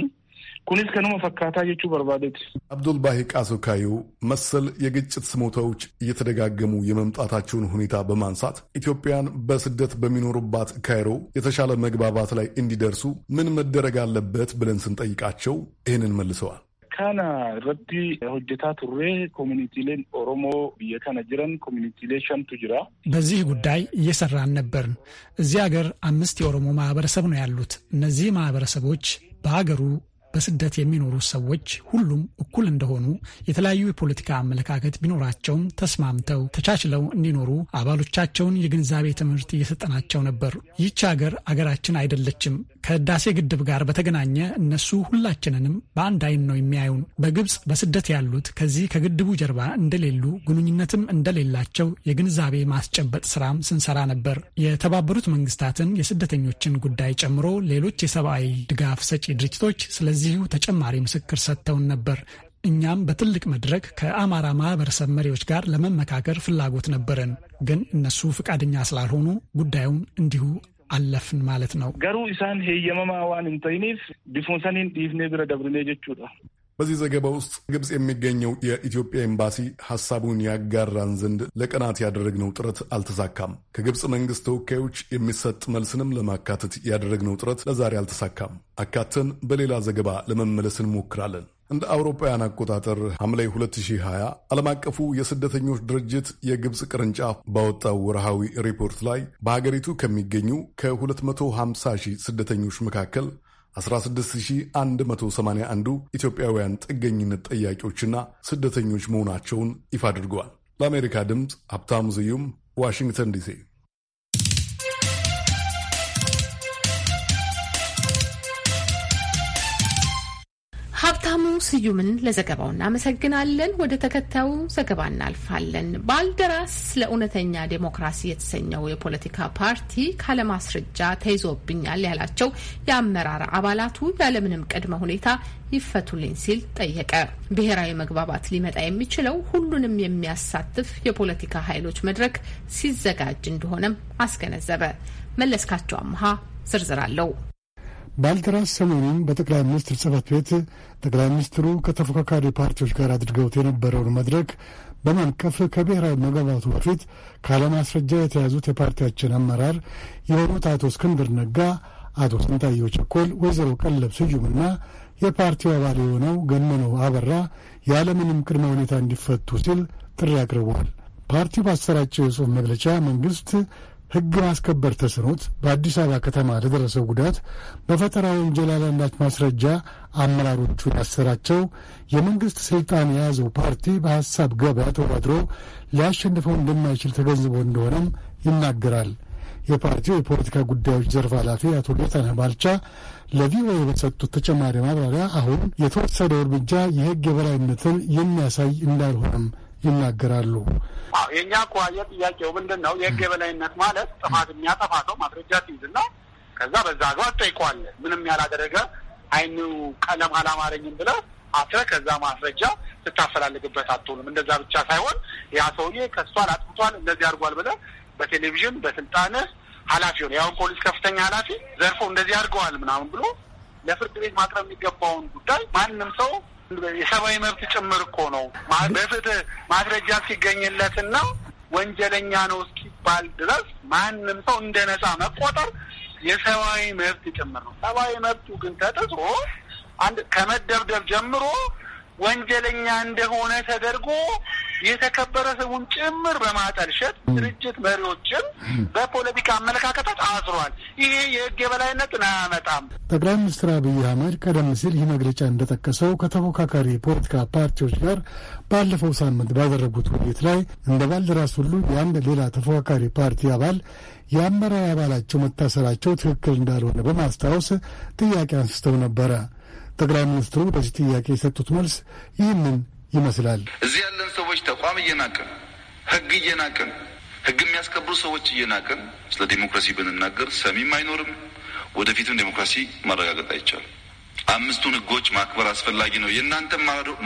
kunis kanuma fakkaataa jechuu barbaadeeti. አብዱልባሂ ቃሶ ካዩ መሰል የግጭት ስሞታዎች እየተደጋገሙ የመምጣታቸውን ሁኔታ በማንሳት ኢትዮጵያን በስደት በሚኖሩባት ካይሮ የተሻለ መግባባት ላይ እንዲደርሱ ምን መደረግ አለበት ብለን ስንጠይቃቸው ይህንን መልሰዋል። kana irratti hojjetaa turre ኮሚኒቲሌን ኦሮሞ ብየ ጅረን ኮሚኒቲሌ ሸምቱ ጅራ በዚህ ጉዳይ እየሰራን ነበርን። እዚህ ሀገር አምስት የኦሮሞ ማህበረሰብ ነው ያሉት። እነዚህ ማህበረሰቦች በሀገሩ በስደት የሚኖሩ ሰዎች ሁሉም እኩል እንደሆኑ የተለያዩ የፖለቲካ አመለካከት ቢኖራቸውም ተስማምተው ተቻችለው እንዲኖሩ አባሎቻቸውን የግንዛቤ ትምህርት እየሰጠናቸው ነበር። ይች ሀገር አገራችን አይደለችም። ከህዳሴ ግድብ ጋር በተገናኘ እነሱ ሁላችንንም በአንድ አይን ነው የሚያዩን። በግብፅ በስደት ያሉት ከዚህ ከግድቡ ጀርባ እንደሌሉ ግንኙነትም እንደሌላቸው የግንዛቤ ማስጨበጥ ስራም ስንሰራ ነበር። የተባበሩት መንግስታትን የስደተኞችን ጉዳይ ጨምሮ ሌሎች የሰብአዊ ድጋፍ ሰጪ ድርጅቶች ስለዚህ ለዚሁ ተጨማሪ ምስክር ሰጥተውን ነበር። እኛም በትልቅ መድረክ ከአማራ ማህበረሰብ መሪዎች ጋር ለመመካከር ፍላጎት ነበረን፣ ግን እነሱ ፈቃደኛ ስላልሆኑ ጉዳዩን እንዲሁ አለፍን ማለት ነው። ገሩ ኢሳን ሄየመማ ዋን እንተይኒፍ ዲፉንሰኒን ዲፍኔ ብረ ደብርኔ ጀቹ በዚህ ዘገባ ውስጥ ግብፅ የሚገኘው የኢትዮጵያ ኤምባሲ ሐሳቡን ያጋራን ዘንድ ለቀናት ያደረግነው ጥረት አልተሳካም። ከግብፅ መንግሥት ተወካዮች የሚሰጥ መልስንም ለማካተት ያደረግነው ጥረት ለዛሬ አልተሳካም። አካተን በሌላ ዘገባ ለመመለስ እንሞክራለን። እንደ አውሮፓውያን አቆጣጠር ሐምሌ 2020 ዓለም አቀፉ የስደተኞች ድርጅት የግብፅ ቅርንጫፍ ባወጣው ወርሃዊ ሪፖርት ላይ በሀገሪቱ ከሚገኙ ከ250 ሺህ ስደተኞች መካከል 16181ዱ ኢትዮጵያውያን ጥገኝነት ጠያቂዎችና ስደተኞች መሆናቸውን ይፋ አድርገዋል። ለአሜሪካ ድምፅ ሀብታሙ ስዩም ዋሽንግተን ዲሲ ሀብታሙ ስዩምን ለዘገባው እናመሰግናለን። ወደ ተከታዩ ዘገባ እናልፋለን። ባልደራስ ለእውነተኛ ዴሞክራሲ የተሰኘው የፖለቲካ ፓርቲ ካለማስረጃ ተይዞብኛል ያላቸው የአመራር አባላቱ ያለምንም ቅድመ ሁኔታ ይፈቱልኝ ሲል ጠየቀ። ብሔራዊ መግባባት ሊመጣ የሚችለው ሁሉንም የሚያሳትፍ የፖለቲካ ኃይሎች መድረክ ሲዘጋጅ እንደሆነም አስገነዘበ። መለስካቸው አምሃ ዝርዝር አለው። ባልደራስ ሰሞኑን በጠቅላይ ሚኒስትር ጽህፈት ቤት ጠቅላይ ሚኒስትሩ ከተፎካካሪ ፓርቲዎች ጋር አድርገውት የነበረውን መድረክ በማንቀፍ ከብሔራዊ መግባባቱ በፊት ካለማስረጃ የተያዙት የፓርቲያችን አመራር የሆኑት አቶ እስክንድር ነጋ፣ አቶ ስንታየው ቸኮል፣ ወይዘሮ ቀለብ ስዩምና የፓርቲው አባል የሆነው ገመነው አበራ ያለምንም ቅድመ ሁኔታ እንዲፈቱ ሲል ጥሪ አቅርበዋል። ፓርቲው ባሰራጨው የጽሑፍ መግለጫ መንግስት ሕግ ማስከበር ተስኖት በአዲስ አበባ ከተማ ለደረሰው ጉዳት በፈጠራ ወንጀል ያለ ማስረጃ አመራሮቹ ያሰራቸው የመንግሥት ሥልጣን የያዘው ፓርቲ በሐሳብ ገበያ ተወዳድሮ ሊያሸንፈው እንደማይችል ተገንዝቦ እንደሆነም ይናገራል። የፓርቲው የፖለቲካ ጉዳዮች ዘርፍ ኃላፊ አቶ ጌታነህ ባልቻ ለቪኦኤ በሰጡት ተጨማሪ ማብራሪያ አሁን የተወሰደው እርምጃ የሕግ የበላይነትን የሚያሳይ እንዳልሆነም ይናገራሉ። የእኛ እኮ ጥያቄው ምንድን ነው? የህግ የበላይነት ማለት ጥፋት የሚያጠፋ ሰው ማስረጃ ሲይዝና ከዛ በዛ አግባብ ጠይቋል ምንም ያላደረገ አይኑ ቀለም አላማረኝም ብለ አስረ ከዛ ማስረጃ ስታፈላልግበት አትሆንም። እንደዛ ብቻ ሳይሆን ያ ሰውዬ ከሷል፣ አጥፍቷል፣ እንደዚህ አድርጓል ብለ በቴሌቪዥን በስልጣንህ ኃላፊ ሆነ ያሁን ፖሊስ ከፍተኛ ኃላፊ ዘርፎ እንደዚህ አድርገዋል ምናምን ብሎ ለፍርድ ቤት ማቅረብ የሚገባውን ጉዳይ ማንም ሰው የሰብአዊ መብት ጭምር እኮ ነው። በፍትህ ማስረጃ ሲገኝለትና ወንጀለኛ ነው እስኪባል ድረስ ማንም ሰው እንደ ነጻ መቆጠር የሰብአዊ መብት ጭምር ነው። ሰብአዊ መብቱ ግን ተጥሶ አንድ ከመደብደብ ጀምሮ ወንጀለኛ እንደሆነ ተደርጎ የተከበረ ሰውን ጭምር በማጠልሸት ድርጅት መሪዎችን በፖለቲካ አመለካከታት አስሯል። ይሄ የህግ የበላይነትን አያመጣም። ጠቅላይ ሚኒስትር አብይ አህመድ ቀደም ሲል ይህ መግለጫ እንደጠቀሰው ከተፎካካሪ የፖለቲካ ፓርቲዎች ጋር ባለፈው ሳምንት ባደረጉት ውይይት ላይ እንደ ባልደራስ ሁሉ የአንድ ሌላ ተፎካካሪ ፓርቲ አባል የአመራር አባላቸው መታሰራቸው ትክክል እንዳልሆነ በማስታወስ ጥያቄ አንስተው ነበረ። ጠቅላይ ሚኒስትሩ በዚህ ጥያቄ የሰጡት መልስ ይህንን ይመስላል። እዚህ ያለን ሰዎች ተቋም እየናቅን፣ ህግ እየናቅን፣ ህግ የሚያስከብሩ ሰዎች እየናቅን ስለ ዲሞክራሲ ብንናገር ሰሚም አይኖርም። ወደፊትም ዲሞክራሲ ማረጋገጥ አይቻልም። አምስቱን ህጎች ማክበር አስፈላጊ ነው። የእናንተ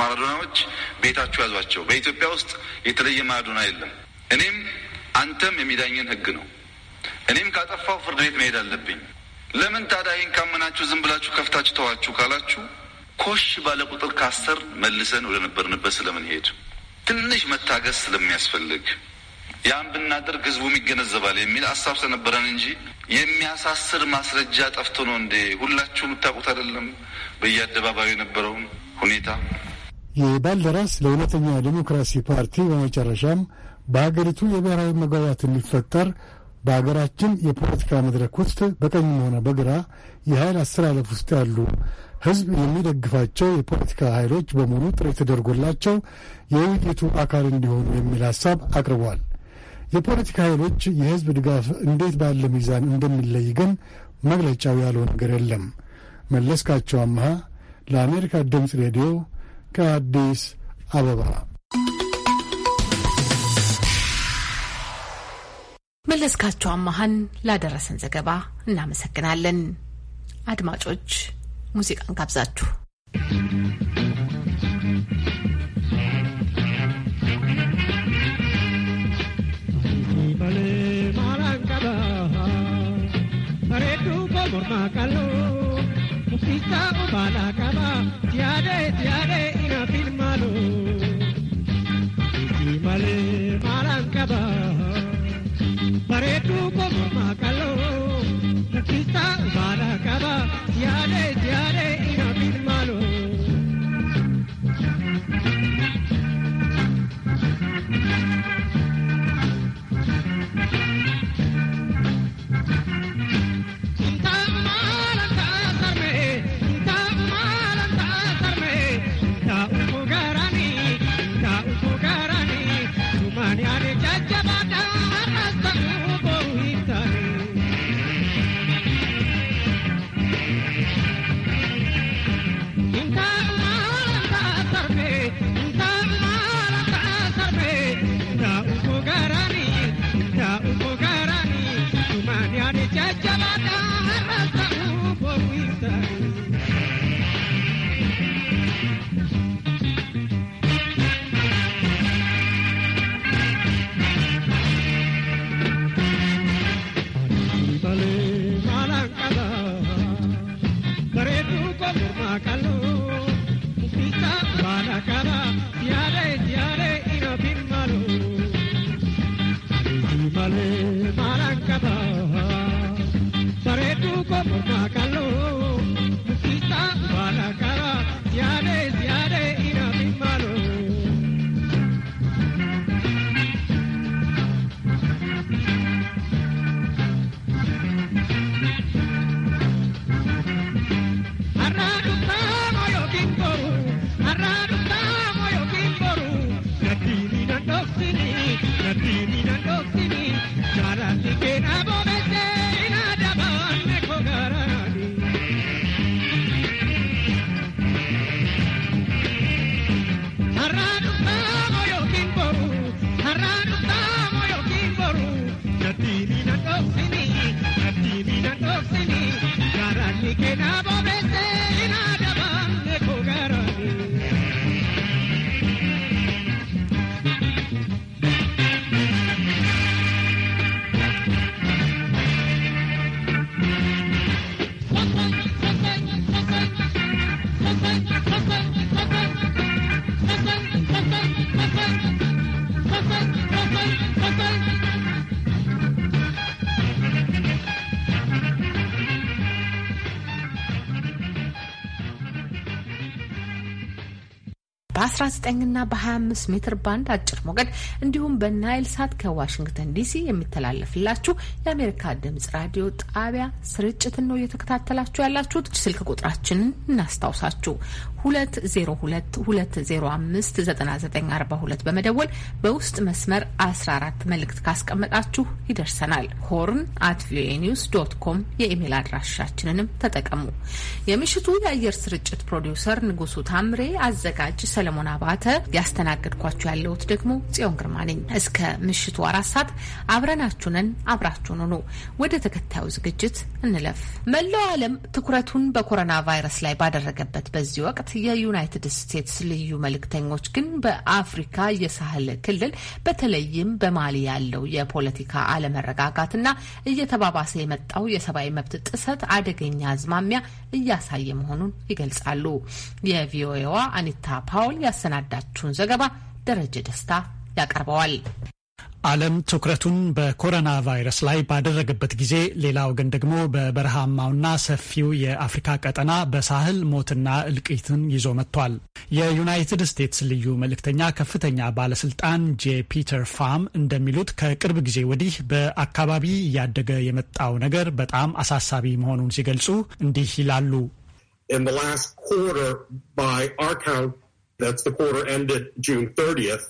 ማራዶናዎች ቤታችሁ ያዟቸው። በኢትዮጵያ ውስጥ የተለየ ማራዶና የለም። እኔም አንተም የሚዳኘን ህግ ነው። እኔም ካጠፋው ፍርድ ቤት መሄድ አለብኝ። ለምን ታዲያ ይህን ካመናችሁ ዝም ብላችሁ ከፍታችሁ ተዋችሁ ካላችሁ ኮሽ ባለ ቁጥር ካሰር መልሰን ወደ ነበርንበት ስለምንሄድ ትንሽ መታገስ ስለሚያስፈልግ ያን ብናደርግ ህዝቡም ይገነዘባል የሚል ሀሳብ ስለነበረን እንጂ የሚያሳስር ማስረጃ ጠፍቶ ነው እንዴ? ሁላችሁ የምታውቁት አይደለም በየአደባባዩ የነበረውን ሁኔታ። የባልደራስ ለእውነተኛ ዲሞክራሲ ፓርቲ በመጨረሻም በሀገሪቱ የብሔራዊ መግባባት እንዲፈጠር በሀገራችን የፖለቲካ መድረክ ውስጥ በቀኝም ሆነ በግራ የኃይል አሰላለፍ ውስጥ ያሉ ህዝብ የሚደግፋቸው የፖለቲካ ኃይሎች በሙሉ ጥሪ ተደርጎላቸው የውይይቱ አካል እንዲሆኑ የሚል ሀሳብ አቅርቧል። የፖለቲካ ኃይሎች የህዝብ ድጋፍ እንዴት ባለ ሚዛን እንደሚለይ ግን መግለጫው ያለው ነገር የለም። መለስካቸው አምሃ ለአሜሪካ ድምፅ ሬዲዮ ከአዲስ አበባ መለስካቸው አማሃን ላደረሰን ዘገባ እናመሰግናለን። አድማጮች ሙዚቃን ጋብዛችሁ Male bareedduu koosumaa kaloo nuffisa baala kaba yaade yaade ina bilmaaloo. Jajjaba. Sácalo. በ19ና በ25 ሜትር ባንድ አጭር ሞገድ እንዲሁም በናይል ሳት ከዋሽንግተን ዲሲ የሚተላለፍላችሁ የአሜሪካ ድምጽ ራዲዮ ጣቢያ ስርጭትን ነው እየተከታተላችሁ ያላችሁት። ስልክ ቁጥራችንን እናስታውሳችሁ 2022059942 በመደወል በውስጥ መስመር 14 መልእክት ካስቀመጣችሁ ይደርሰናል። ሆርን አት ቪኦኤ ኒውስ ዶት ኮም የኢሜል አድራሻችንንም ተጠቀሙ። የምሽቱ የአየር ስርጭት ፕሮዲውሰር ንጉሱ ታምሬ፣ አዘጋጅ ሰለሞን አባተ፣ ያስተናገድኳችሁ ያለሁት ደግሞ ጽዮን ግርማ ነኝ። እስከ ምሽቱ አራት ሰዓት አብረናችሁንን አብራችሁን ሆኑ። ወደ ተከታዩ ዝግጅት እንለፍ። መላው ዓለም ትኩረቱን በኮሮና ቫይረስ ላይ ባደረገበት በዚህ ወቅት የዩናይትድ ስቴትስ ልዩ መልእክተኞች ግን በአፍሪካ የሳህል ክልል በተለይም በማሊ ያለው የፖለቲካ አለመረጋጋትና እየተባባሰ የመጣው የሰብአዊ መብት ጥሰት አደገኛ አዝማሚያ እያሳየ መሆኑን ይገልጻሉ። የቪኦኤዋ አኒታ ፓውል ያሰናዳችውን ዘገባ ደረጀ ደስታ ያቀርበዋል። ዓለም ትኩረቱን በኮሮና ቫይረስ ላይ ባደረገበት ጊዜ ሌላ ወገን ደግሞ በበረሃማውና ሰፊው የአፍሪካ ቀጠና በሳህል ሞትና እልቂትን ይዞ መጥቷል። የዩናይትድ ስቴትስ ልዩ መልእክተኛ ከፍተኛ ባለስልጣን ጄ ፒተር ፋም እንደሚሉት ከቅርብ ጊዜ ወዲህ በአካባቢ እያደገ የመጣው ነገር በጣም አሳሳቢ መሆኑን ሲገልጹ እንዲህ ይላሉ። that's the quarter ended June 30th,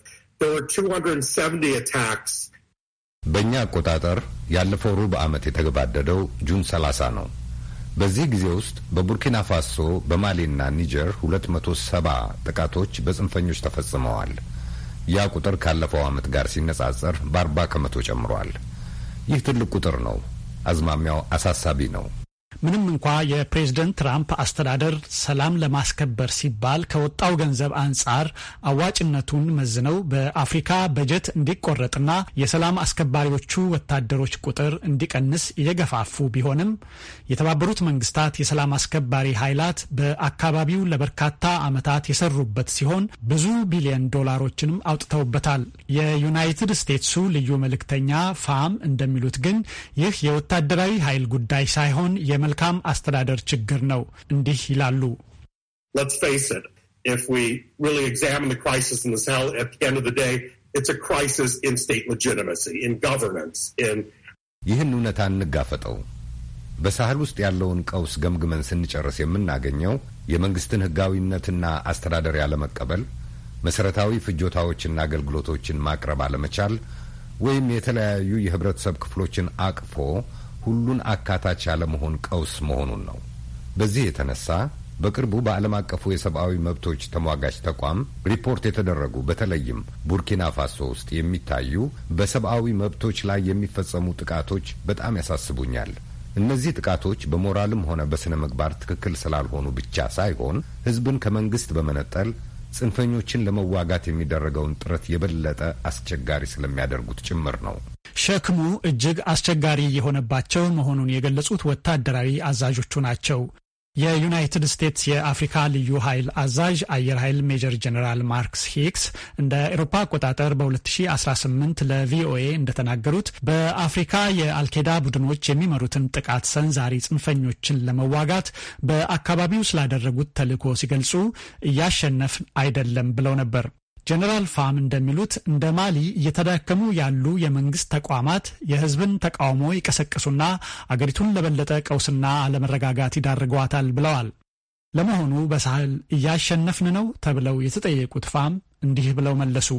በእኛ አቆጣጠር ያለፈው ሩብ ዓመት የተገባደደው ጁን 30 ነው። በዚህ ጊዜ ውስጥ በቡርኪና ፋሶ በማሊና ኒጀር 270 ጥቃቶች በጽንፈኞች ተፈጽመዋል። ያ ቁጥር ካለፈው ዓመት ጋር ሲነጻጸር በ4ር በ40 ከመቶ ጨምሯል። ይህ ትልቅ ቁጥር ነው። አዝማሚያው አሳሳቢ ነው። ምንም እንኳ የፕሬዝደንት ትራምፕ አስተዳደር ሰላም ለማስከበር ሲባል ከወጣው ገንዘብ አንጻር አዋጭነቱን መዝነው በአፍሪካ በጀት እንዲቆረጥና የሰላም አስከባሪዎቹ ወታደሮች ቁጥር እንዲቀንስ እየገፋፉ ቢሆንም የተባበሩት መንግስታት የሰላም አስከባሪ ኃይላት በአካባቢው ለበርካታ ዓመታት የሰሩበት ሲሆን ብዙ ቢሊዮን ዶላሮችንም አውጥተውበታል። የዩናይትድ ስቴትሱ ልዩ መልእክተኛ ፋም እንደሚሉት ግን ይህ የወታደራዊ ኃይል ጉዳይ ሳይሆን የመልካም አስተዳደር ችግር ነው። እንዲህ ይላሉ። ይህን እውነታ እንጋፈጠው። በሳህል ውስጥ ያለውን ቀውስ ገምግመን ስንጨርስ የምናገኘው የመንግስትን ህጋዊነትና አስተዳደር ያለመቀበል፣ መሰረታዊ ፍጆታዎችና አገልግሎቶችን ማቅረብ አለመቻል ወይም የተለያዩ የህብረተሰብ ክፍሎችን አቅፎ ሁሉን አካታች ያለመሆን ቀውስ መሆኑን ነው። በዚህ የተነሳ በቅርቡ በዓለም አቀፉ የሰብአዊ መብቶች ተሟጋች ተቋም ሪፖርት የተደረጉ በተለይም ቡርኪና ፋሶ ውስጥ የሚታዩ በሰብአዊ መብቶች ላይ የሚፈጸሙ ጥቃቶች በጣም ያሳስቡኛል። እነዚህ ጥቃቶች በሞራልም ሆነ በሥነ ምግባር ትክክል ስላልሆኑ ብቻ ሳይሆን ሕዝብን ከመንግሥት በመነጠል ጽንፈኞችን ለመዋጋት የሚደረገውን ጥረት የበለጠ አስቸጋሪ ስለሚያደርጉት ጭምር ነው። ሸክሙ እጅግ አስቸጋሪ የሆነባቸው መሆኑን የገለጹት ወታደራዊ አዛዦቹ ናቸው። የዩናይትድ ስቴትስ የአፍሪካ ልዩ ኃይል አዛዥ አየር ኃይል ሜጀር ጀነራል ማርክስ ሂክስ እንደ አውሮፓ አቆጣጠር በ2018 ለቪኦኤ እንደተናገሩት በአፍሪካ የአልኬዳ ቡድኖች የሚመሩትን ጥቃት ሰንዛሪ ጽንፈኞችን ለመዋጋት በአካባቢው ስላደረጉት ተልዕኮ ሲገልጹ እያሸነፍ አይደለም ብለው ነበር። ጀነራል ፋም እንደሚሉት እንደ ማሊ እየተዳከሙ ያሉ የመንግስት ተቋማት የህዝብን ተቃውሞ ይቀሰቅሱና አገሪቱን ለበለጠ ቀውስና አለመረጋጋት ይዳርገዋታል ብለዋል። ለመሆኑ በሳህል እያሸነፍን ነው ተብለው የተጠየቁት ፋም እንዲህ ብለው መለሱ።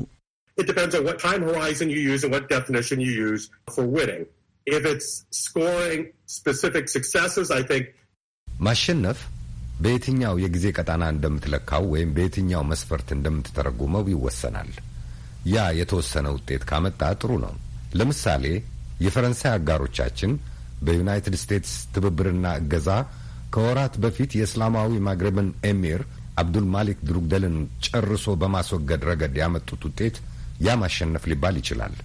ማሸነፍ በየትኛው የጊዜ ቀጣና እንደምትለካው ወይም በየትኛው መስፈርት እንደምትተረጉመው ይወሰናል። ያ የተወሰነ ውጤት ካመጣ ጥሩ ነው። ለምሳሌ የፈረንሳይ አጋሮቻችን በዩናይትድ ስቴትስ ትብብርና እገዛ ከወራት በፊት የእስላማዊ ማግረብን ኤሚር አብዱል ማሊክ ድሩግደልን ጨርሶ በማስወገድ ረገድ ያመጡት ውጤት ያ ማሸነፍ ሊባል ይችላል።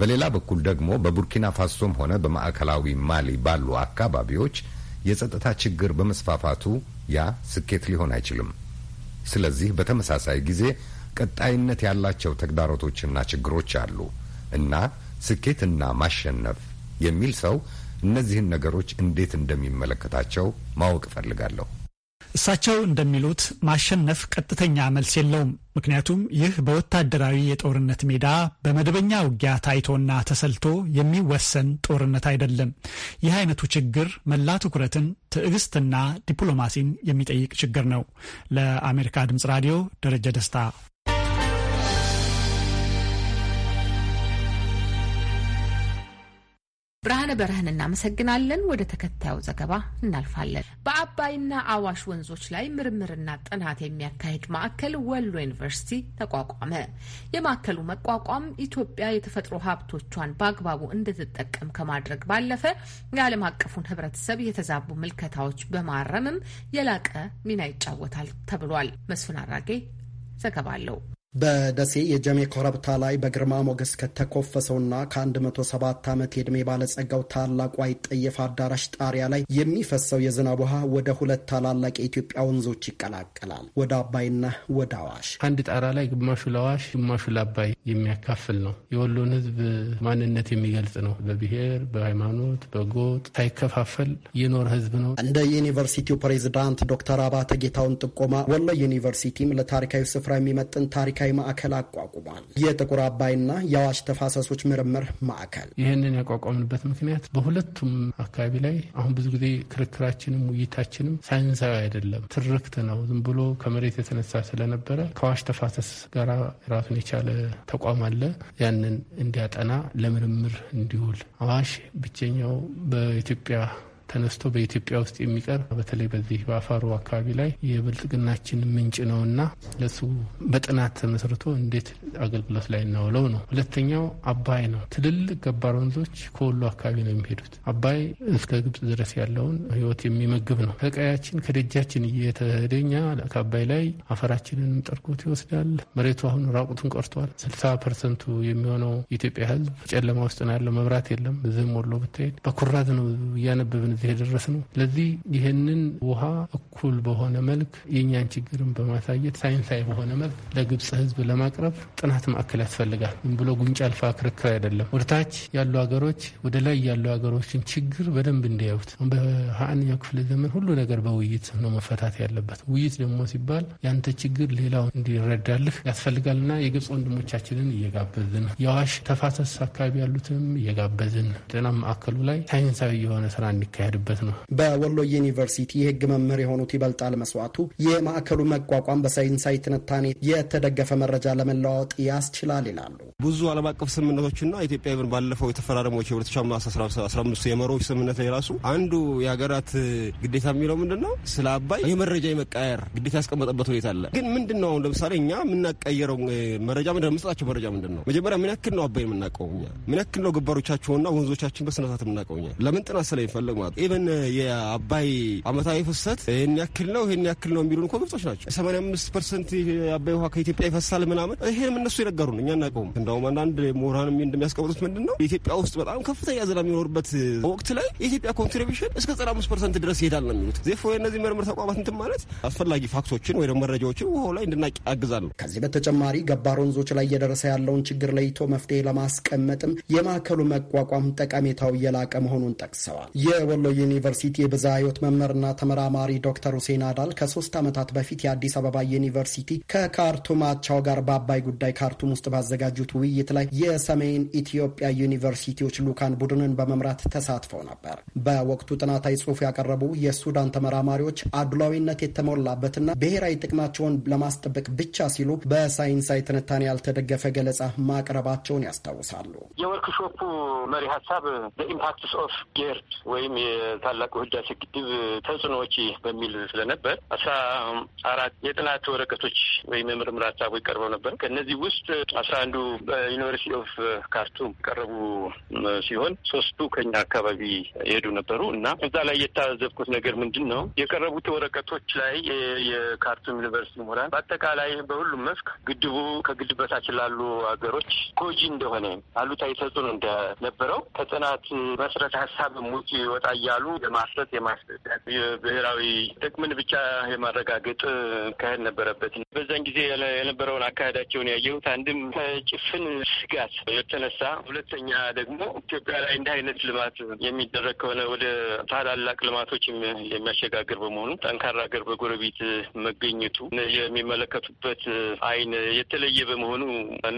በሌላ በኩል ደግሞ በቡርኪና ፋሶም ሆነ በማዕከላዊ ማሊ ባሉ አካባቢዎች የጸጥታ ችግር በመስፋፋቱ ያ ስኬት ሊሆን አይችልም። ስለዚህ በተመሳሳይ ጊዜ ቀጣይነት ያላቸው ተግዳሮቶችና ችግሮች አሉ እና ስኬትና ማሸነፍ የሚል ሰው እነዚህን ነገሮች እንዴት እንደሚመለከታቸው ማወቅ እፈልጋለሁ። እሳቸው እንደሚሉት ማሸነፍ ቀጥተኛ መልስ የለውም። ምክንያቱም ይህ በወታደራዊ የጦርነት ሜዳ በመደበኛ ውጊያ ታይቶና ተሰልቶ የሚወሰን ጦርነት አይደለም። ይህ አይነቱ ችግር መላ ትኩረትን፣ ትዕግስትና ዲፕሎማሲን የሚጠይቅ ችግር ነው። ለአሜሪካ ድምጽ ራዲዮ ደረጀ ደስታ ብርሃነ በርህን እናመሰግናለን። ወደ ተከታዩ ዘገባ እናልፋለን። በአባይና አዋሽ ወንዞች ላይ ምርምርና ጥናት የሚያካሄድ ማዕከል ወሎ ዩኒቨርሲቲ ተቋቋመ። የማዕከሉ መቋቋም ኢትዮጵያ የተፈጥሮ ሀብቶቿን በአግባቡ እንድትጠቀም ከማድረግ ባለፈ የዓለም አቀፉን ሕብረተሰብ የተዛቡ ምልከታዎች በማረምም የላቀ ሚና ይጫወታል ተብሏል። መስፍን አራጌ ዘገባ አለው። በደሴ የጀሜ ኮረብታ ላይ በግርማ ሞገስ ከተኮፈሰውና ከ107 ዓመት የዕድሜ ባለጸጋው ታላቁ አይጠየፍ አዳራሽ ጣሪያ ላይ የሚፈሰው የዝናብ ውሃ ወደ ሁለት ታላላቅ የኢትዮጵያ ወንዞች ይቀላቀላል፣ ወደ አባይና ወደ አዋሽ። አንድ ጣራ ላይ ግማሹ ለአዋሽ ግማሹ ለአባይ የሚያካፍል ነው። የወሎን ሕዝብ ማንነት የሚገልጽ ነው። በብሔር በሃይማኖት፣ በጎጥ ሳይከፋፈል የኖረ ሕዝብ ነው። እንደ ዩኒቨርሲቲው ፕሬዝዳንት ዶክተር አባተ ጌታውን ጥቆማ ወሎ ዩኒቨርሲቲም ለታሪካዊ ስፍራ የሚመጥን ታሪካ ተወካይ ማዕከል አቋቁሟል። የጥቁር አባይና የአዋሽ ተፋሰሶች ምርምር ማዕከል ይህንን ያቋቋምንበት ምክንያት በሁለቱም አካባቢ ላይ አሁን ብዙ ጊዜ ክርክራችንም ውይይታችንም ሳይንሳዊ አይደለም፣ ትርክት ነው። ዝም ብሎ ከመሬት የተነሳ ስለነበረ ከአዋሽ ተፋሰስ ጋር ራሱን የቻለ ተቋም አለ። ያንን እንዲያጠና ለምርምር እንዲውል አዋሽ ብቸኛው በኢትዮጵያ ተነስቶ በኢትዮጵያ ውስጥ የሚቀር በተለይ በዚህ በአፋሩ አካባቢ ላይ የብልጽግናችን ምንጭ ነውና ለሱ በጥናት ተመስርቶ እንዴት አገልግሎት ላይ እናውለው ነው። ሁለተኛው አባይ ነው። ትልልቅ ገባር ወንዞች ከወሎ አካባቢ ነው የሚሄዱት። አባይ እስከ ግብጽ ድረስ ያለውን ህይወት የሚመግብ ነው። ከቀያችን ከደጃችን እየተደኛ ከአባይ ላይ አፈራችንን ጠርጎት ይወስዳል። መሬቱ አሁን ራቁቱን ቀርቷል። ስልሳ ፐርሰንቱ የሚሆነው የኢትዮጵያ ህዝብ ጨለማ ውስጥ ነው ያለው። መብራት የለም። ዝም ወሎ ብትሄድ በኩራት ነው እያነበብን እዚህ የደረስ ነው። ስለዚህ ይህንን ውሃ እኩል በሆነ መልክ የእኛን ችግርን በማሳየት ሳይንሳዊ በሆነ መልክ ለግብፅ ህዝብ ለማቅረብ ጥናት ማዕከል ያስፈልጋል። ዝም ብሎ ጉንጫ አልፋ ክርክር አይደለም። ወደ ታች ያሉ ሀገሮች ወደ ላይ ያሉ ሀገሮችን ችግር በደንብ እንዲያዩት። በሀያኛው ክፍለ ዘመን ሁሉ ነገር በውይይት ነው መፈታት ያለበት። ውይይት ደግሞ ሲባል ያንተ ችግር ሌላው እንዲረዳልህ ያስፈልጋልና የግብፅ ወንድሞቻችንን እየጋበዝን የአዋሽ ተፋሰስ አካባቢ ያሉትንም እየጋበዝን ጤና ማዕከሉ ላይ ሳይንሳዊ የሆነ ስራ እንዲካሄድ የሚካሄድበት ነው። በወሎ ዩኒቨርሲቲ የህግ መምህር የሆኑት ይበልጣል መስዋዕቱ የማዕከሉ መቋቋም በሳይንሳዊ ትንታኔ የተደገፈ መረጃ ለመለዋወጥ ያስችላል ይላሉ። ብዙ ዓለም አቀፍ ስምምነቶችና ኢትዮጵያ ብን ባለፈው የተፈራረሞች የ2015 የመሮች ስምምነት ላይ ራሱ አንዱ የሀገራት ግዴታ የሚለው ምንድን ነው? ስለ አባይ የመረጃ የመቃየር ግዴታ ያስቀመጠበት ሁኔታ አለ። ግን ምንድን ነው አሁን ለምሳሌ እኛ የምናቀየረው መረጃ ምንድ ነው? የምንሰጣቸው መረጃ ምንድን ነው? መጀመሪያ ምን ያክል ነው አባይ የምናውቀው እኛ? ምን ያክል ነው ግንባሮቻቸውና ወንዞቻችን በስነሳት የምናውቀው እኛ? ለምን ጥናት ስለሚፈልግ ማለት ኢቨን የአባይ አመታዊ ፍሰት ይህን ያክል ነው ይህን ያክል ነው የሚሉን እኮ ግብጾች ናቸው። ሰማንያ ፐርሰንት አባይ ውሃ ከኢትዮጵያ ይፈሳል ምናምን፣ ይሄም እነሱ የነገሩን እኛ እናቀውም። እንደውም አንዳንድ ምሁራን እንደሚያስቀምጡት ምንድን ነው ኢትዮጵያ ውስጥ በጣም ከፍተኛ ዝናብ የሚኖርበት ወቅት ላይ የኢትዮጵያ ኮንትሪቢሽን እስከ 5 ፐርሰንት ድረስ ይሄዳል ነው የሚሉት። ዜፎ የእነዚህ ምርምር ተቋማት እንትን ማለት አስፈላጊ ፋክቶችን ወይ መረጃዎችን ውሃው ላይ እንድናቅ ያግዛሉ። ከዚህ በተጨማሪ ገባር ወንዞች ላይ እየደረሰ ያለውን ችግር ለይቶ መፍትሄ ለማስቀመጥም የማዕከሉ መቋቋም ጠቀሜታው የላቀ መሆኑን ጠቅሰዋል። የወሎ በወሎ ዩኒቨርሲቲ የብዝሃ ሕይወት መምህርና ተመራማሪ ዶክተር ሁሴን አዳል ከሶስት ዓመታት በፊት የአዲስ አበባ ዩኒቨርሲቲ ከካርቱም አቻው ጋር በአባይ ጉዳይ ካርቱም ውስጥ ባዘጋጁት ውይይት ላይ የሰሜን ኢትዮጵያ ዩኒቨርሲቲዎች ሉካን ቡድንን በመምራት ተሳትፈው ነበር። በወቅቱ ጥናታዊ ጽሑፍ ያቀረቡ የሱዳን ተመራማሪዎች አድሏዊነት የተሞላበትና ብሔራዊ ጥቅማቸውን ለማስጠበቅ ብቻ ሲሉ በሳይንሳዊ ትንታኔ ያልተደገፈ ገለጻ ማቅረባቸውን ያስታውሳሉ። የወርክሾፑ መሪ ሀሳብ ኢምፓክትስ ኦፍ ጌርድ ወይም የታላቁ ህዳሴ ግድብ ተጽዕኖዎች በሚል ስለነበር አስራ አራት የጥናት ወረቀቶች ወይም የምርምር ሀሳቦች ቀርበው ነበር። ከእነዚህ ውስጥ አስራ አንዱ በዩኒቨርሲቲ ኦፍ ካርቱም ቀረቡ ሲሆን ሶስቱ ከኛ አካባቢ የሄዱ ነበሩ እና እዛ ላይ የታዘብኩት ነገር ምንድን ነው የቀረቡት ወረቀቶች ላይ የካርቱም ዩኒቨርሲቲ ምሁራን በአጠቃላይ በሁሉም መስክ ግድቡ ከግድብ በታች ላሉ ሀገሮች ጎጂ እንደሆነ አሉታዊ ተጽዕኖ እንደነበረው ከጥናት መሰረተ ሀሳብ ውጭ ወጣ እያሉ የማስረት የማስጠጣት የብሔራዊ ጥቅምን ብቻ የማረጋገጥ አካሄድ ነበረበት። በዛን ጊዜ የነበረውን አካሄዳቸውን ያየሁት አንድም ከጭፍን ስጋት የተነሳ፣ ሁለተኛ ደግሞ ኢትዮጵያ ላይ እንደ አይነት ልማት የሚደረግ ከሆነ ወደ ታላላቅ ልማቶች የሚያሸጋግር በመሆኑ ጠንካራ ሀገር በጎረቤት መገኘቱ የሚመለከቱበት አይን የተለየ በመሆኑ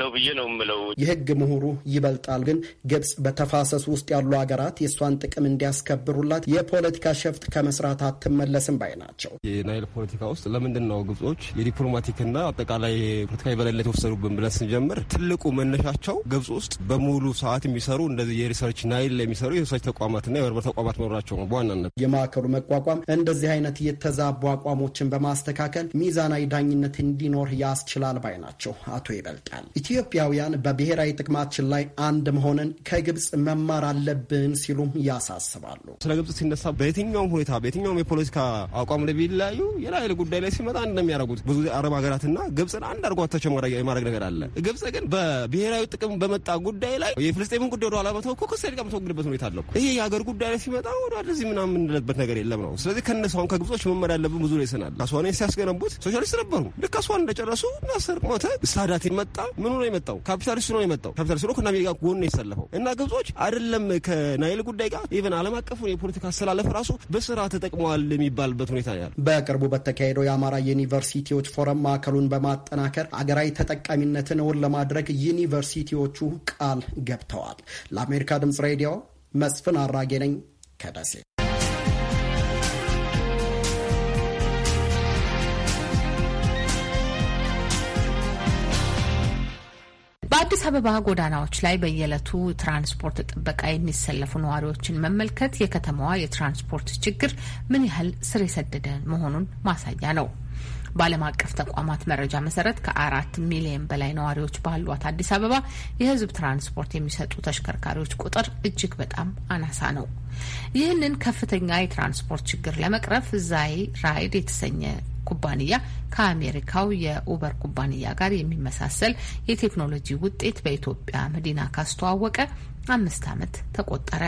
ነው ብዬ ነው የምለው። የህግ ምሁሩ ይበልጣል ግን ግብጽ በተፋሰሱ ውስጥ ያሉ ሀገራት የእሷን ጥቅም እንዲያስከብሩ ካልሰሩላት የፖለቲካ ሸፍጥ ከመስራት አትመለስም ባይ ናቸው። የናይል ፖለቲካ ውስጥ ለምንድን ነው ግብጾች የዲፕሎማቲክና አጠቃላይ ፖለቲካ የበላይነት የተወሰዱብን ብለን ስንጀምር ትልቁ መነሻቸው ግብጽ ውስጥ በሙሉ ሰዓት የሚሰሩ እንደዚህ የሪሰርች ናይል የሚሰሩ የሪሰርች ተቋማትና የምርምር ተቋማት መኖራቸው ነው በዋናነት የማዕከሉ መቋቋም እንደዚህ አይነት የተዛቡ አቋሞችን በማስተካከል ሚዛናዊ ዳኝነት እንዲኖር ያስችላል ባይ ናቸው አቶ ይበልጣል። ኢትዮጵያውያን በብሔራዊ ጥቅማችን ላይ አንድ መሆንን ከግብጽ መማር አለብን ሲሉም ያሳስባሉ። ስለ ግብጽ ሲነሳ በየትኛውም ሁኔታ በየትኛውም የፖለቲካ አቋም ላይ ቢለያዩ የራይል ጉዳይ ላይ ሲመጣ እንደሚያደርጉት ብዙ አረብ ሀገራትና ግብጽን አንድ አድርጓታቸው የማድረግ ነገር አለ። ግብጽ ግን በብሔራዊ ጥቅም በመጣ ጉዳይ ላይ የፍልስጤምን ጉዳይ ወደኋላ መተው እኮ ከእስራኤል ጋር የምትወግድበት ሁኔታ አለ ይሄ የሀገር ጉዳይ ላይ ሲመጣ ወደዚህ ምናምን የምንለበት ነገር የለም ነው። ስለዚህ ከእነሱ አሁን ከግብጾች መመሪያ ያለብን ብዙ ላይ ስናል አስዋኔን ሲያስገነቡት ሶሻሊስት ነበሩ። ልክ አስዋን እንደጨረሱ ናስር ሞተ፣ ሳዳት መጣ። ምኑ ነው የመጣው? ካፒታሊስቱ ነው የመጣው። ካፒታሊስቱ ነው ከናሚ ጋር ጎን የሰለፈው እና ግብጾች አይደለም ከናይል ጉዳይ ጋር ኢቨን አለም አቀፉ የፖለቲካ አሰላለፍ ራሱ በስራ ተጠቅመዋል የሚባልበት ሁኔታ ያለ። በቅርቡ በተካሄደው የአማራ ዩኒቨርሲቲዎች ፎረም ማዕከሉን በማጠናከር አገራዊ ተጠቃሚነትን እውን ለማድረግ ዩኒቨርሲቲዎቹ ቃል ገብተዋል። ለአሜሪካ ድምጽ ሬዲዮ መስፍን አራጌ ነኝ ከደሴ። በአዲስ አበባ ጎዳናዎች ላይ በየዕለቱ ትራንስፖርት ጥበቃ የሚሰለፉ ነዋሪዎችን መመልከት የከተማዋ የትራንስፖርት ችግር ምን ያህል ስር የሰደደ መሆኑን ማሳያ ነው። በዓለም አቀፍ ተቋማት መረጃ መሰረት ከአራት ሚሊዮን በላይ ነዋሪዎች ባሏት አዲስ አበባ የሕዝብ ትራንስፖርት የሚሰጡ ተሽከርካሪዎች ቁጥር እጅግ በጣም አናሳ ነው። ይህንን ከፍተኛ የትራንስፖርት ችግር ለመቅረፍ ዛይ ራይድ የተሰኘ ኩባንያ ከአሜሪካው የኡበር ኩባንያ ጋር የሚመሳሰል የቴክኖሎጂ ውጤት በኢትዮጵያ መዲና ካስተዋወቀ አምስት ዓመት ተቆጠረ።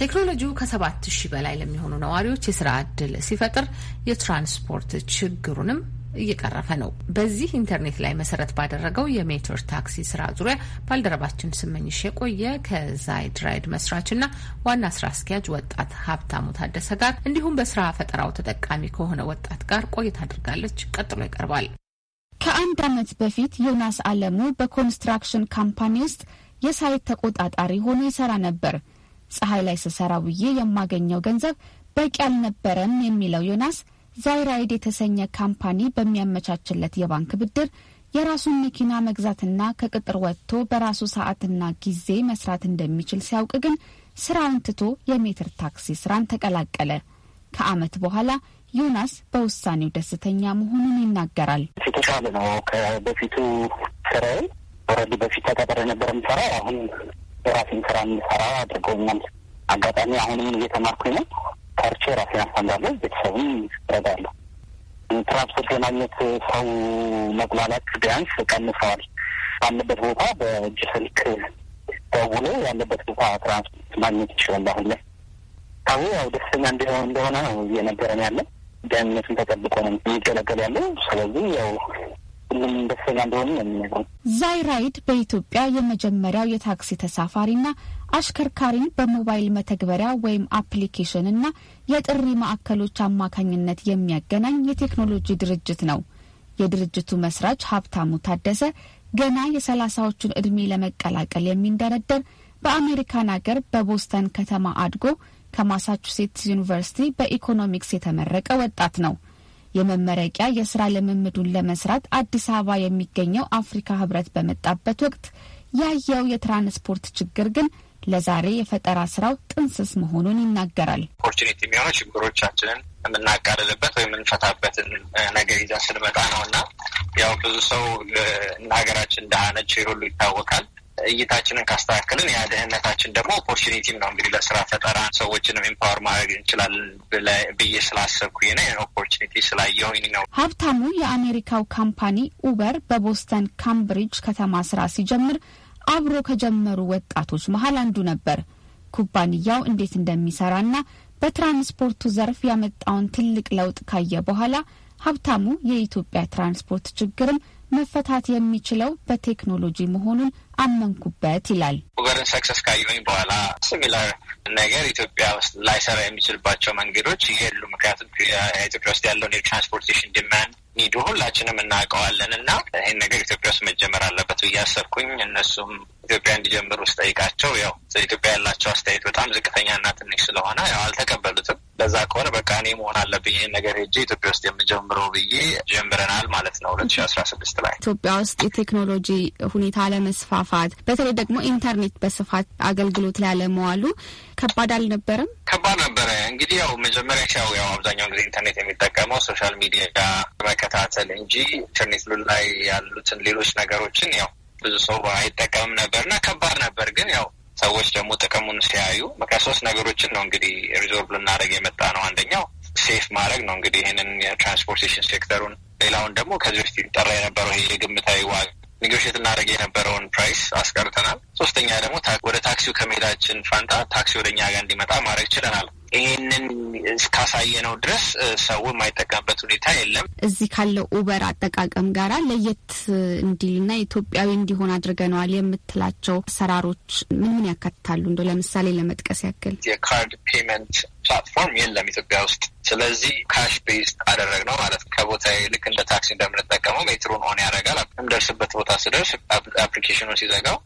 ቴክኖሎጂው ከሰባት ሺህ በላይ ለሚሆኑ ነዋሪዎች የስራ ዕድል ሲፈጥር የትራንስፖርት ችግሩንም እየቀረፈ ነው። በዚህ ኢንተርኔት ላይ መሰረት ባደረገው የሜትር ታክሲ ስራ ዙሪያ ባልደረባችን ስመኝሽ የቆየ ከዛይድ ራይድ መስራችና ዋና ስራ አስኪያጅ ወጣት ሀብታሙ ታደሰ ጋር እንዲሁም በስራ ፈጠራው ተጠቃሚ ከሆነ ወጣት ጋር ቆይታ አድርጋለች። ቀጥሎ ይቀርባል። ከአንድ ዓመት በፊት ዮናስ አለሙ በኮንስትራክሽን ካምፓኒ ውስጥ የሳይት ተቆጣጣሪ ሆኖ ይሰራ ነበር። ፀሐይ ላይ ስሰራ ውዬ የማገኘው ገንዘብ በቂ አልነበረም የሚለው ዮናስ ዛይራይድ የተሰኘ ካምፓኒ በሚያመቻችለት የባንክ ብድር የራሱን መኪና መግዛትና ከቅጥር ወጥቶ በራሱ ሰዓትና ጊዜ መስራት እንደሚችል ሲያውቅ ግን ስራውን ትቶ የሜትር ታክሲ ስራን ተቀላቀለ። ከአመት በኋላ ዮናስ በውሳኔው ደስተኛ መሆኑን ይናገራል። የተሻለ ነው ከበፊቱ ስራዬ። ኦልሬዲ በፊት ተቀጥሬ ነበር የምሰራው። አሁን የራሴን ስራ የምሰራ አድርገውኛል። አጋጣሚ አሁንም እየተማርኩኝ ነው ሰርቼ ራሴን አስተምራለሁ፣ ቤተሰብም ረዳለሁ። ትራንስፖርት የማግኘት ሰው መጉላላት ቢያንስ ቀንሰዋል። ባለበት ቦታ በእጅ ስልክ ደውሎ ያለበት ቦታ ትራንስፖርት ማግኘት ይችላል። አሁን ላይ ሰው ያው ደስተኛ እንዲሆን እንደሆነ ነው እየነገረን ያለ። ደህንነቱን ተጠብቆ ነው የሚገለገል ያለው። ስለዚህ ያው ሁሉም ደስተኛ እንደሆኑ ነው የሚነግረው። ዛይራይድ በኢትዮጵያ የመጀመሪያው የታክሲ ተሳፋሪና አሽከርካሪን በሞባይል መተግበሪያ ወይም አፕሊኬሽን እና የጥሪ ማዕከሎች አማካኝነት የሚያገናኝ የቴክኖሎጂ ድርጅት ነው። የድርጅቱ መስራች ሀብታሙ ታደሰ ገና የሰላሳዎቹን እድሜ ለመቀላቀል የሚንደረደር በአሜሪካን አገር በቦስተን ከተማ አድጎ ከማሳቹሴትስ ዩኒቨርሲቲ በኢኮኖሚክስ የተመረቀ ወጣት ነው። የመመረቂያ የስራ ልምምዱን ለመስራት አዲስ አበባ የሚገኘው አፍሪካ ህብረት በመጣበት ወቅት ያየው የትራንስፖርት ችግር ግን ለዛሬ የፈጠራ ስራው ጥንስስ መሆኑን ይናገራል። ኦፖርቹኒቲ የሚሆነው ችግሮቻችንን የምናቃልልበት ወይም የምንፈታበትን ነገር ይዛ ስንመጣ ነው እና ያው ብዙ ሰው እና ሀገራችን ድሃ ነች ሁሉ ይታወቃል። እይታችንን ካስተካከልን ያ ደግሞ ኦፖርቹኒቲም ነው እንግዲህ ለስራ ፈጠራ ሰዎችንም ኢምፓወር ማድረግ እንችላለን ብዬ ስላሰብኩኝ ነው፣ ኦፖርቹኒቲ ስላየሁኝ ነው። ሀብታሙ የአሜሪካው ካምፓኒ ኡበር በቦስተን ካምብሪጅ ከተማ ስራ ሲጀምር አብሮ ከጀመሩ ወጣቶች መሀል አንዱ ነበር። ኩባንያው እንዴት እንደሚሰራና በትራንስፖርቱ ዘርፍ ያመጣውን ትልቅ ለውጥ ካየ በኋላ ሀብታሙ የኢትዮጵያ ትራንስፖርት ችግርም መፈታት የሚችለው በቴክኖሎጂ መሆኑን አመንኩበት ይላል። ጉገርን ሰክሰስ ካየሁኝ በኋላ ሲሚላር ነገር ኢትዮጵያ ውስጥ ላይሰራ የሚችልባቸው መንገዶች የሉ። ምክንያቱም ኢትዮጵያ ውስጥ ያለውን የትራንስፖርቴሽን ዲማንድ ኒዱ ሁላችንም እናውቀዋለን እና ይህን ነገር ኢትዮጵያ ውስጥ መጀመር አለበት ብዬ አሰብኩኝ። እነሱም ኢትዮጵያ እንዲጀምሩ ውስጥ ጠይቃቸው፣ ያው ኢትዮጵያ ያላቸው አስተያየት በጣም ዝቅተኛና ትንሽ ስለሆነ ያው አልተቀበሉትም። ለዛ ከሆነ በቃ እኔ መሆን አለብኝ ይህን ነገር ሄጄ ኢትዮጵያ ውስጥ የምጀምረው ብዬ ጀምረናል ማለት ነው ሁለት ሺ አስራ ስድስት ላይ ኢትዮጵያ ውስጥ የቴክኖሎጂ ሁኔታ ለመስፋፋ መስፋፋት በተለይ ደግሞ ኢንተርኔት በስፋት አገልግሎት ላይ አለመዋሉ ከባድ አልነበረም? ከባድ ነበረ። እንግዲህ ያው መጀመሪያ ሲያው ያው አብዛኛውን ጊዜ ኢንተርኔት የሚጠቀመው ሶሻል ሚዲያ መከታተል እንጂ ኢንተርኔት ላይ ያሉትን ሌሎች ነገሮችን ያው ብዙ ሰው አይጠቀምም ነበር እና ከባድ ነበር። ግን ያው ሰዎች ደግሞ ጥቅሙን ሲያዩ ሶስት ነገሮችን ነው እንግዲህ ሪዞርቭ ልናደርግ የመጣ ነው። አንደኛው ሴፍ ማድረግ ነው እንግዲህ ይህንን የትራንስፖርቴሽን ሴክተሩን ሌላውን ደግሞ ከዚህ በፊት ይጠራ የነበረው ይሄ የግምታዊ ዋጋ ኔጎሽት እናደርግ የነበረውን ፕራይስ አስቀርተናል። ሶስተኛ ደግሞ ወደ ታክሲው ከመሄዳችን ፋንታ ታክሲ ወደ እኛ ጋር እንዲመጣ ማድረግ ችለናል። ይህንን እስካሳየነው ድረስ ሰው የማይጠቀምበት ሁኔታ የለም። እዚህ ካለው ኡበር አጠቃቀም ጋራ ለየት እንዲልና ኢትዮጵያዊ እንዲሆን አድርገነዋል የምትላቸው አሰራሮች ምን ምን ያካትታሉ? እንደ ለምሳሌ ለመጥቀስ ያክል የካርድ ፔመንት ፕላትፎርም የለም ኢትዮጵያ ውስጥ። ስለዚህ ካሽ ቤዝ አደረግነው ማለት ከቦታ ልክ እንደ ታክሲ እንደምንጠቀመው ሜትሩን ሆን ያደርጋል። የምደርስበት ቦታ ስደርስ አፕሊኬሽኑን ሲዘጋው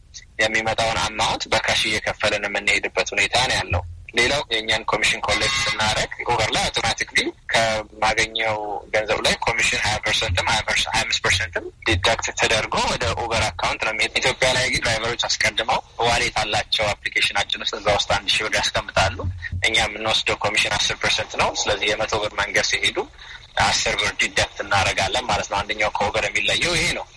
የሚመጣውን አማውንት በካሽ እየከፈልን የምንሄድበት ሁኔታ ነው ያለው። ሌላው የእኛን ኮሚሽን ኮሌክት ስናደረግ ኦቨር ላይ አውቶማቲክሊ ከማገኘው ገንዘብ ላይ ኮሚሽን ሀያ ፐርሰንትም ሀያ አምስት ፐርሰንትም ዲዳክት ተደርጎ ወደ ኦቨር አካውንት ነው የሚሄድ። ኢትዮጵያ ላይ ግን ድራይቨሮች አስቀድመው ዋሌት አላቸው አፕሊኬሽናችን ውስጥ እዛ ውስጥ አንድ ሺህ ብር ያስቀምጣሉ። እኛ የምንወስደው ኮሚሽን አስር ፐርሰንት ነው። ስለዚህ የመቶ ብር መንገድ ሲሄዱ አስር ብር ዲዳክት እናደርጋለን ማለት ነው። አንደኛው ከኦቨር የሚለየው ይሄ ነው።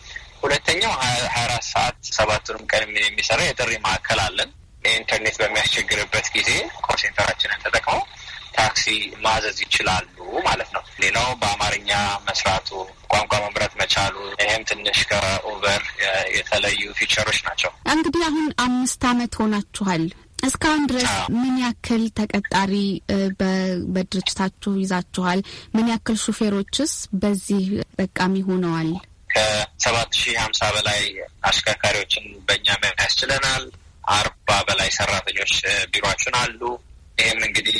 ሁለተኛው ሀያ አራት ሰዓት ሰባቱንም ቀን የሚሰራ የጥሪ ማዕከል አለን። ኢንተርኔት በሚያስቸግርበት ጊዜ ኮል ሴንተራችንን ተጠቅመው ታክሲ ማዘዝ ይችላሉ ማለት ነው። ሌላው በአማርኛ መስራቱ ቋንቋ መምረጥ መቻሉ፣ ይህም ትንሽ ከኡበር የተለዩ ፊቸሮች ናቸው። እንግዲህ አሁን አምስት አመት ሆናችኋል። እስካሁን ድረስ ምን ያክል ተቀጣሪ በድርጅታችሁ ይዛችኋል? ምን ያክል ሹፌሮችስ በዚህ ጠቃሚ ሆነዋል? ከሰባት ሺህ ሀምሳ በላይ አሽከርካሪዎችን በእኛ መያዝ ችለናል። አርባ በላይ ሰራተኞች ቢሮችን አሉ። ይህም እንግዲህ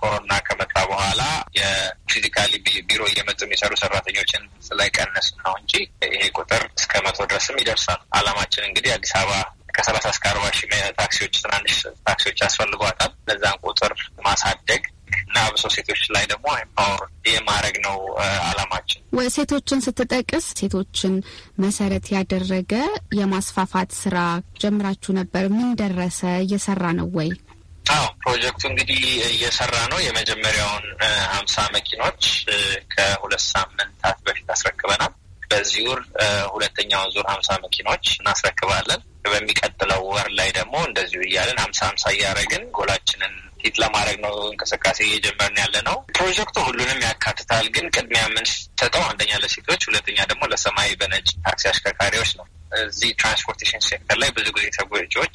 ኮሮና ከመጣ በኋላ የፊዚካሊ ቢሮ እየመጡ የሚሰሩ ሰራተኞችን ስለቀነስ ነው እንጂ ይሄ ቁጥር እስከ መቶ ድረስም ይደርሳል። አላማችን እንግዲህ አዲስ አበባ ከሰላሳ እስከ አርባ ሺህ ታክሲዎች፣ ትናንሽ ታክሲዎች ያስፈልጓታል። ለዛን ቁጥር ማሳደግ እና ብሶ ሴቶች ላይ ደግሞ ኤምፓወር የማድረግ ነው አላማችን። ሴቶችን ስትጠቅስ ሴቶችን መሰረት ያደረገ የማስፋፋት ስራ ጀምራችሁ ነበር። ምን ደረሰ? እየሰራ ነው ወይ? አዎ ፕሮጀክቱ እንግዲህ እየሰራ ነው። የመጀመሪያውን ሀምሳ መኪኖች ከሁለት ሳምንታት በፊት አስረክበናል። በዚህ ወር ሁለተኛውን ዙር ሀምሳ መኪኖች እናስረክባለን። በሚቀጥለው ወር ላይ ደግሞ እንደዚሁ እያለን ሀምሳ ሀምሳ እያደረግን ጎላችንን ሂት ለማድረግ ነው እንቅስቃሴ እየጀመርን ያለ ነው። ፕሮጀክቱ ሁሉንም ያካትታል። ግን ቅድሚያ የምንሰጠው አንደኛ ለሴቶች፣ ሁለተኛ ደግሞ ለሰማይ በነጭ ታክሲ አሽከርካሪዎች ነው። እዚህ ትራንስፖርቴሽን ሴክተር ላይ ብዙ ጊዜ ተጎጂዎች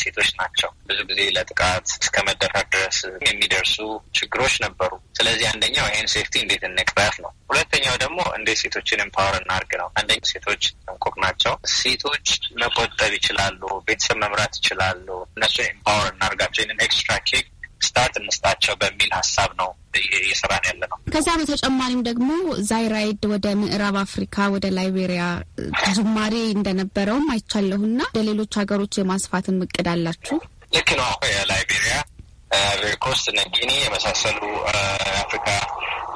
ሴቶች ናቸው። ብዙ ጊዜ ለጥቃት እስከ መደፈር ድረስ የሚደርሱ ችግሮች ነበሩ። ስለዚህ አንደኛው ይህን ሴፍቲ እንዴት እንቅረፍ ነው። ሁለተኛው ደግሞ እንዴት ሴቶችን ኤምፓወር እናርግ ነው። አንደኛ ሴቶች ጥንቁቅ ናቸው። ሴቶች መቆጠብ ይችላሉ፣ ቤተሰብ መምራት ይችላሉ። እነሱን ኤምፓወር እናርጋቸው። ይህንን ኤክስትራ ኬክ ስታርት እንስጣቸው በሚል ሀሳብ ነው እየሰራን ያለ ነው። ከዛ በተጨማሪም ደግሞ ዛይራይድ ወደ ምዕራብ አፍሪካ ወደ ላይቤሪያ ጅማሬ እንደነበረውም አይቻለሁና ወደ ሌሎች ሀገሮች የማስፋትን እቅድ አላችሁ? ልክ ነው። የላይቤሪያ ላይቤሪያ፣ አይቮሪኮስት፣ ጊኒ የመሳሰሉ አፍሪካ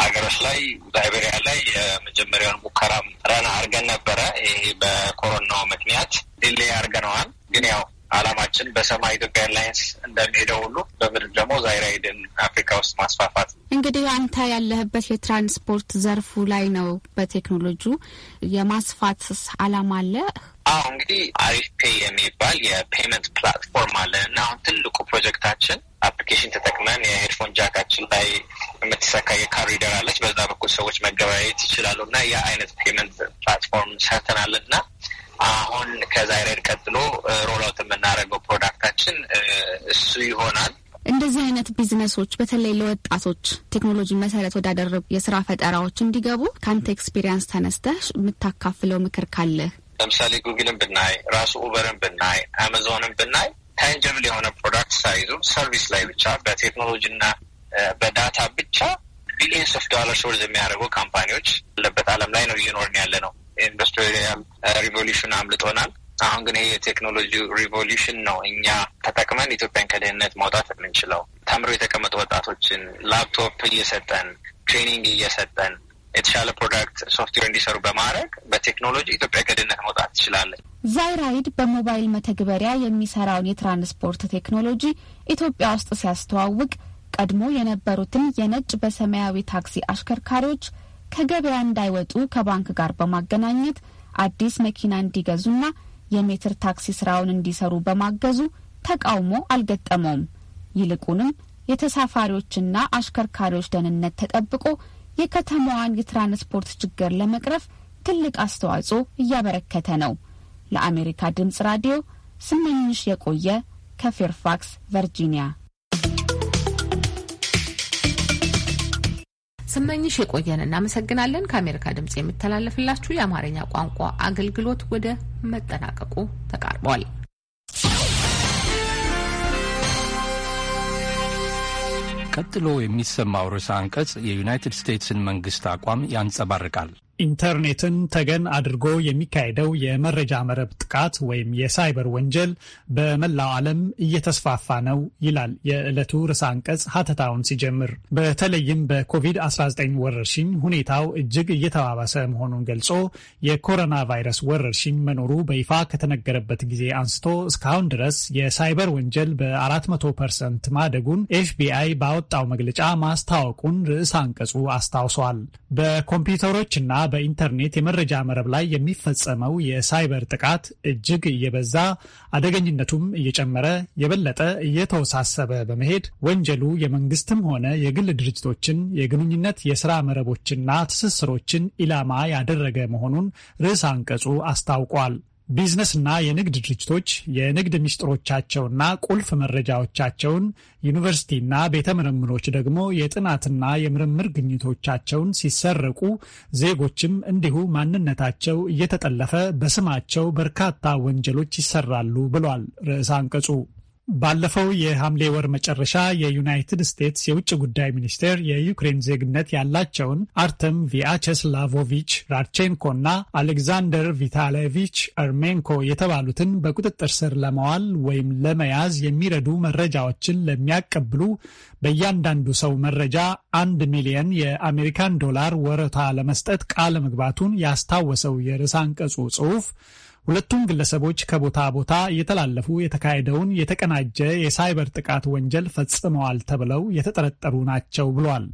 ሀገሮች ላይ ላይቤሪያ ላይ የመጀመሪያውን ሙከራም ረና አድርገን ነበረ። ይሄ በኮሮናው ምክንያት ዲሌይ አድርገነዋል። ግን ያው አላማችን በሰማይ ኢትዮጵያ ኤርላይንስ እንደሚሄደው ሁሉ በምድር ደግሞ ዛይራይድን አፍሪካ ውስጥ ማስፋፋት። እንግዲህ አንተ ያለህበት የትራንስፖርት ዘርፉ ላይ ነው። በቴክኖሎጂ የማስፋት አላማ አለ። አሁ እንግዲህ አሪፍ ፔይ የሚባል የፔመንት ፕላትፎርም አለ እና አሁን ትልቁ ፕሮጀክታችን አፕሊኬሽን ተጠቅመን የሄድፎን ጃካችን ላይ የምትሰካ የካሪደር አለች። በዛ በኩል ሰዎች መገበያየት ይችላሉ እና ያ አይነት ፔመንት ፕላትፎርም ሰርተናል እና አሁን ከዛይሬድ ቀጥሎ ሮላውት የምናደርገው ፕሮዳክታችን እሱ ይሆናል። እንደዚህ አይነት ቢዝነሶች በተለይ ለወጣቶች ቴክኖሎጂ መሰረት ወዳደረጉ የስራ ፈጠራዎች እንዲገቡ ከአንተ ኤክስፒሪያንስ ተነስተህ የምታካፍለው ምክር ካለህ? ለምሳሌ ጉግልን ብናይ፣ ራሱ ኡበርን ብናይ፣ አማዞንን ብናይ ታንጀብል የሆነ ፕሮዳክት ሳይዙ ሰርቪስ ላይ ብቻ በቴክኖሎጂና በዳታ ብቻ ቢሊየንስ ኦፍ ዶላርስ ወርዝ የሚያደርጉ ካምፓኒዎች ያለበት አለም ላይ ነው እየኖርን ያለ ነው። ኢንዱስትሪያል ሪቮሉሽን አምልጦናል። አሁን ግን ይሄ የቴክኖሎጂ ሪቮሉሽን ነው እኛ ተጠቅመን ኢትዮጵያን ከድህነት ማውጣት የምንችለው። ተምሮ የተቀመጡ ወጣቶችን ላፕቶፕ እየሰጠን ትሬኒንግ እየሰጠን የተሻለ ፕሮዳክት ሶፍትዌር እንዲሰሩ በማድረግ በቴክኖሎጂ ኢትዮጵያ ከድህነት መውጣት ትችላለች። ዛይራይድ በሞባይል መተግበሪያ የሚሰራውን የትራንስፖርት ቴክኖሎጂ ኢትዮጵያ ውስጥ ሲያስተዋውቅ ቀድሞ የነበሩትን የነጭ በሰማያዊ ታክሲ አሽከርካሪዎች ከገበያ እንዳይወጡ ከባንክ ጋር በማገናኘት አዲስ መኪና እንዲገዙና የሜትር ታክሲ ስራውን እንዲሰሩ በማገዙ ተቃውሞ አልገጠመውም። ይልቁንም የተሳፋሪዎችና አሽከርካሪዎች ደህንነት ተጠብቆ የከተማዋን የትራንስፖርት ችግር ለመቅረፍ ትልቅ አስተዋጽኦ እያበረከተ ነው። ለአሜሪካ ድምጽ ራዲዮ ስመኝሽ የቆየ ከፌርፋክስ ቨርጂኒያ ስመኝሽ የቆየን እናመሰግናለን። ከአሜሪካ ድምጽ የሚተላለፍላችሁ የአማርኛ ቋንቋ አገልግሎት ወደ መጠናቀቁ ተቃርቧል። ቀጥሎ የሚሰማው ርዕሰ አንቀጽ የዩናይትድ ስቴትስን መንግስት አቋም ያንጸባርቃል። ኢንተርኔትን ተገን አድርጎ የሚካሄደው የመረጃ መረብ ጥቃት ወይም የሳይበር ወንጀል በመላው ዓለም እየተስፋፋ ነው ይላል የዕለቱ ርዕሰ አንቀጽ ሀተታውን ሲጀምር። በተለይም በኮቪድ-19 ወረርሽኝ ሁኔታው እጅግ እየተባባሰ መሆኑን ገልጾ የኮሮና ቫይረስ ወረርሽኝ መኖሩ በይፋ ከተነገረበት ጊዜ አንስቶ እስካሁን ድረስ የሳይበር ወንጀል በ400 ፐርሰንት ማደጉን ኤፍቢአይ ባወጣው መግለጫ ማስታወቁን ርዕሰ አንቀጹ አስታውሷል። በኮምፒውተሮችና በኢንተርኔት የመረጃ መረብ ላይ የሚፈጸመው የሳይበር ጥቃት እጅግ እየበዛ አደገኝነቱም እየጨመረ የበለጠ እየተወሳሰበ በመሄድ ወንጀሉ የመንግስትም ሆነ የግል ድርጅቶችን የግንኙነት የስራ መረቦችና ትስስሮችን ኢላማ ያደረገ መሆኑን ርዕስ አንቀጹ አስታውቋል። ቢዝነስና የንግድ ድርጅቶች የንግድ ሚስጥሮቻቸውና ቁልፍ መረጃዎቻቸውን፣ ዩኒቨርሲቲና ቤተ ምርምሮች ደግሞ የጥናትና የምርምር ግኝቶቻቸውን ሲሰረቁ፣ ዜጎችም እንዲሁ ማንነታቸው እየተጠለፈ በስማቸው በርካታ ወንጀሎች ይሰራሉ ብሏል ርዕሰ አንቀጹ። ባለፈው የሐምሌ ወር መጨረሻ የዩናይትድ ስቴትስ የውጭ ጉዳይ ሚኒስቴር የዩክሬን ዜግነት ያላቸውን አርተም ቪአቸስላቮቪች ራድቼንኮና አሌክዛንደር ቪታሌቪች አርሜንኮ የተባሉትን በቁጥጥር ስር ለማዋል ወይም ለመያዝ የሚረዱ መረጃዎችን ለሚያቀብሉ በእያንዳንዱ ሰው መረጃ አንድ ሚሊየን የአሜሪካን ዶላር ወረታ ለመስጠት ቃለ መግባቱን ያስታወሰው የርዕሰ አንቀጹ ጽሑፍ ሁለቱም ግለሰቦች ከቦታ ቦታ እየተላለፉ የተካሄደውን የተቀናጀ የሳይበር ጥቃት ወንጀል ፈጽመዋል ተብለው የተጠረጠሩ ናቸው ብሏል።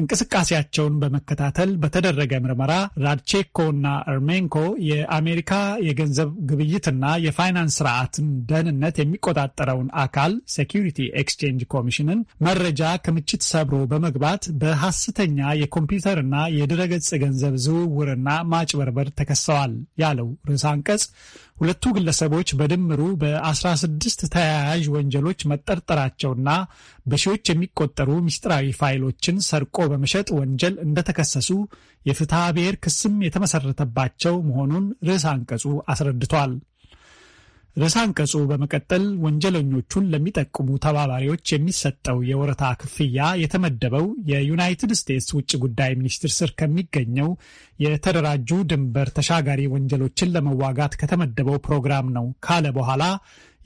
እንቅስቃሴያቸውን በመከታተል በተደረገ ምርመራ ራድቼኮ እና እርሜንኮ የአሜሪካ የገንዘብ ግብይትና የፋይናንስ ስርዓትን ደህንነት የሚቆጣጠረውን አካል ሴኪሪቲ ኤክስቼንጅ ኮሚሽንን መረጃ ክምችት ሰብሮ በመግባት በሐሰተኛ የኮምፒውተርና የድረገጽ ገንዘብ ዝውውርና ማጭበርበር ተከሰዋል ያለው ርዕሰ አንቀጽ ሁለቱ ግለሰቦች በድምሩ በ16 ተያያዥ ወንጀሎች መጠርጠራቸውና በሺዎች የሚቆጠሩ ምስጢራዊ ፋይሎችን ሰርቆ በመሸጥ ወንጀል እንደተከሰሱ የፍትሐ ብሔር ክስም የተመሰረተባቸው መሆኑን ርዕስ አንቀጹ አስረድቷል። ርዕሰ አንቀጹ በመቀጠል ወንጀለኞቹን ለሚጠቁሙ ተባባሪዎች የሚሰጠው የወረታ ክፍያ የተመደበው የዩናይትድ ስቴትስ ውጭ ጉዳይ ሚኒስቴር ስር ከሚገኘው የተደራጁ ድንበር ተሻጋሪ ወንጀሎችን ለመዋጋት ከተመደበው ፕሮግራም ነው ካለ በኋላ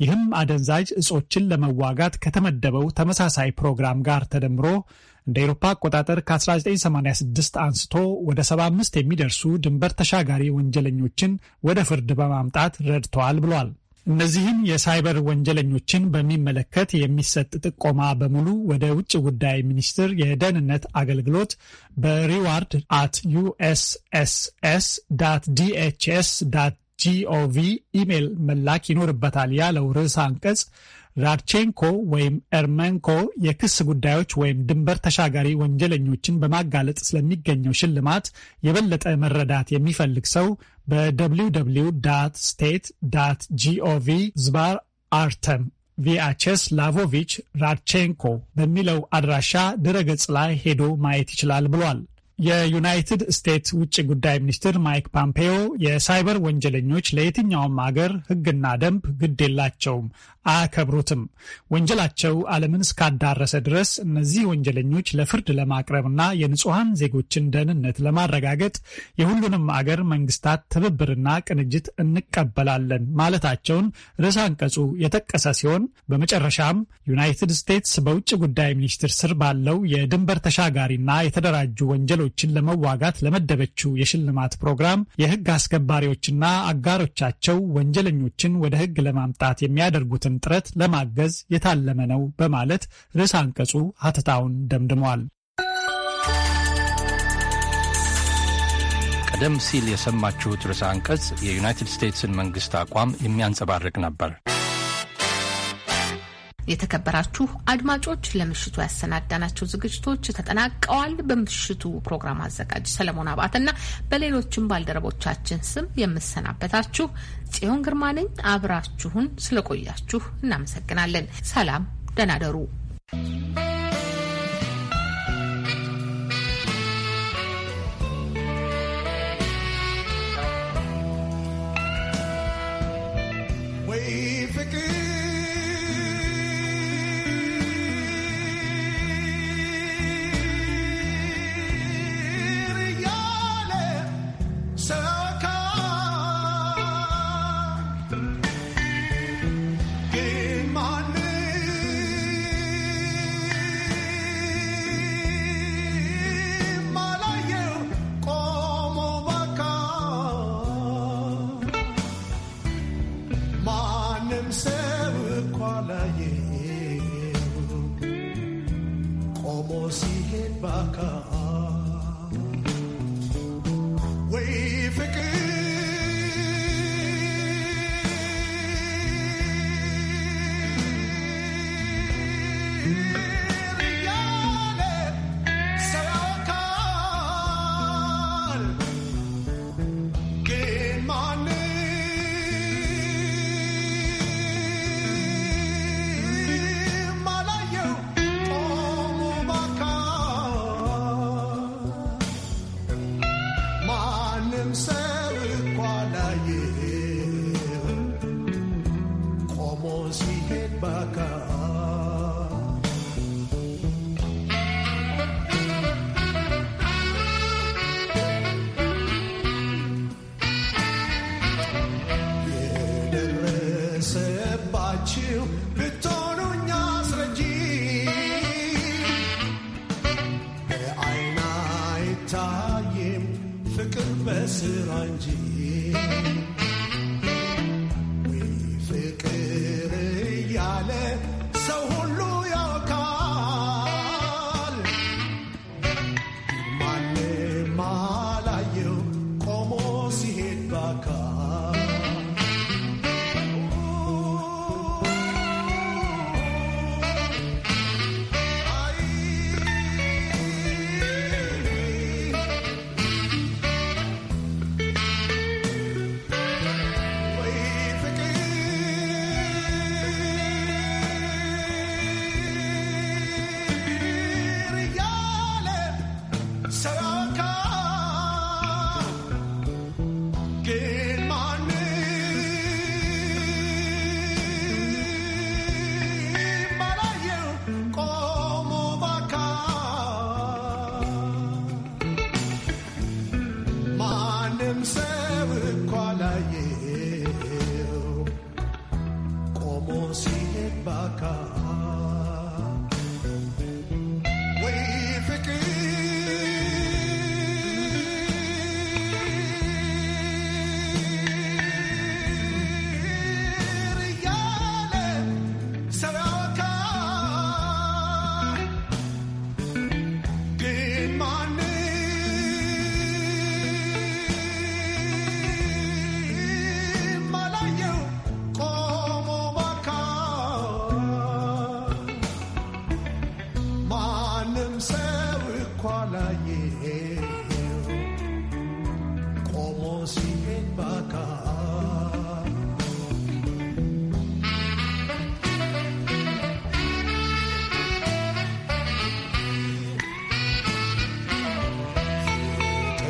ይህም አደንዛዥ እጾችን ለመዋጋት ከተመደበው ተመሳሳይ ፕሮግራም ጋር ተደምሮ እንደ ኤሮፓ አቆጣጠር ከ1986 አንስቶ ወደ 75 የሚደርሱ ድንበር ተሻጋሪ ወንጀለኞችን ወደ ፍርድ በማምጣት ረድተዋል ብሏል። እነዚህን የሳይበር ወንጀለኞችን በሚመለከት የሚሰጥ ጥቆማ በሙሉ ወደ ውጭ ጉዳይ ሚኒስቴር የደህንነት አገልግሎት በሪዋርድ አት ዩኤስኤስኤስ ዳት ዲኤችኤስ ዳት ጂኦቪ ኢሜይል መላክ ይኖርበታል ያለው ርዕስ አንቀጽ ራድቼንኮ ወይም ኤርሜንኮ የክስ ጉዳዮች ወይም ድንበር ተሻጋሪ ወንጀለኞችን በማጋለጥ ስለሚገኘው ሽልማት የበለጠ መረዳት የሚፈልግ ሰው በደብሊው ደብሊው ዳት ስቴት ዳት ጂኦቪ ዝባር አርተም ቪአቸስ ላቮቪች ራድቼንኮ በሚለው አድራሻ ድረገጽ ላይ ሄዶ ማየት ይችላል ብሏል። የዩናይትድ ስቴትስ ውጭ ጉዳይ ሚኒስትር ማይክ ፓምፔዮ የሳይበር ወንጀለኞች ለየትኛውም አገር ሕግና ደንብ ግድ የላቸውም፣ አያከብሩትም። ወንጀላቸው ዓለምን እስካዳረሰ ድረስ እነዚህ ወንጀለኞች ለፍርድ ለማቅረብና የንጹሐን ዜጎችን ደህንነት ለማረጋገጥ የሁሉንም አገር መንግስታት ትብብርና ቅንጅት እንቀበላለን ማለታቸውን ርዕሰ አንቀጹ የጠቀሰ ሲሆን በመጨረሻም ዩናይትድ ስቴትስ በውጭ ጉዳይ ሚኒስትር ስር ባለው የድንበር ተሻጋሪና የተደራጁ ወንጀሎች ወንጀሎችን ለመዋጋት ለመደበችው የሽልማት ፕሮግራም የህግ አስከባሪዎችና አጋሮቻቸው ወንጀለኞችን ወደ ህግ ለማምጣት የሚያደርጉትን ጥረት ለማገዝ የታለመ ነው በማለት ርዕስ አንቀጹ ሀተታውን ደምድሟል። ቀደም ሲል የሰማችሁት ርዕስ አንቀጽ የዩናይትድ ስቴትስን መንግስት አቋም የሚያንጸባርቅ ነበር። የተከበራችሁ አድማጮች ለምሽቱ ያሰናዳናቸው ዝግጅቶች ተጠናቀዋል። በምሽቱ ፕሮግራም አዘጋጅ ሰለሞን ና በሌሎችም ባልደረቦቻችን ስም የምሰናበታችሁ ጽዮን ግርማ ነኝ። አብራችሁን ስለቆያችሁ እናመሰግናለን። ሰላም፣ ደህና ደሩ።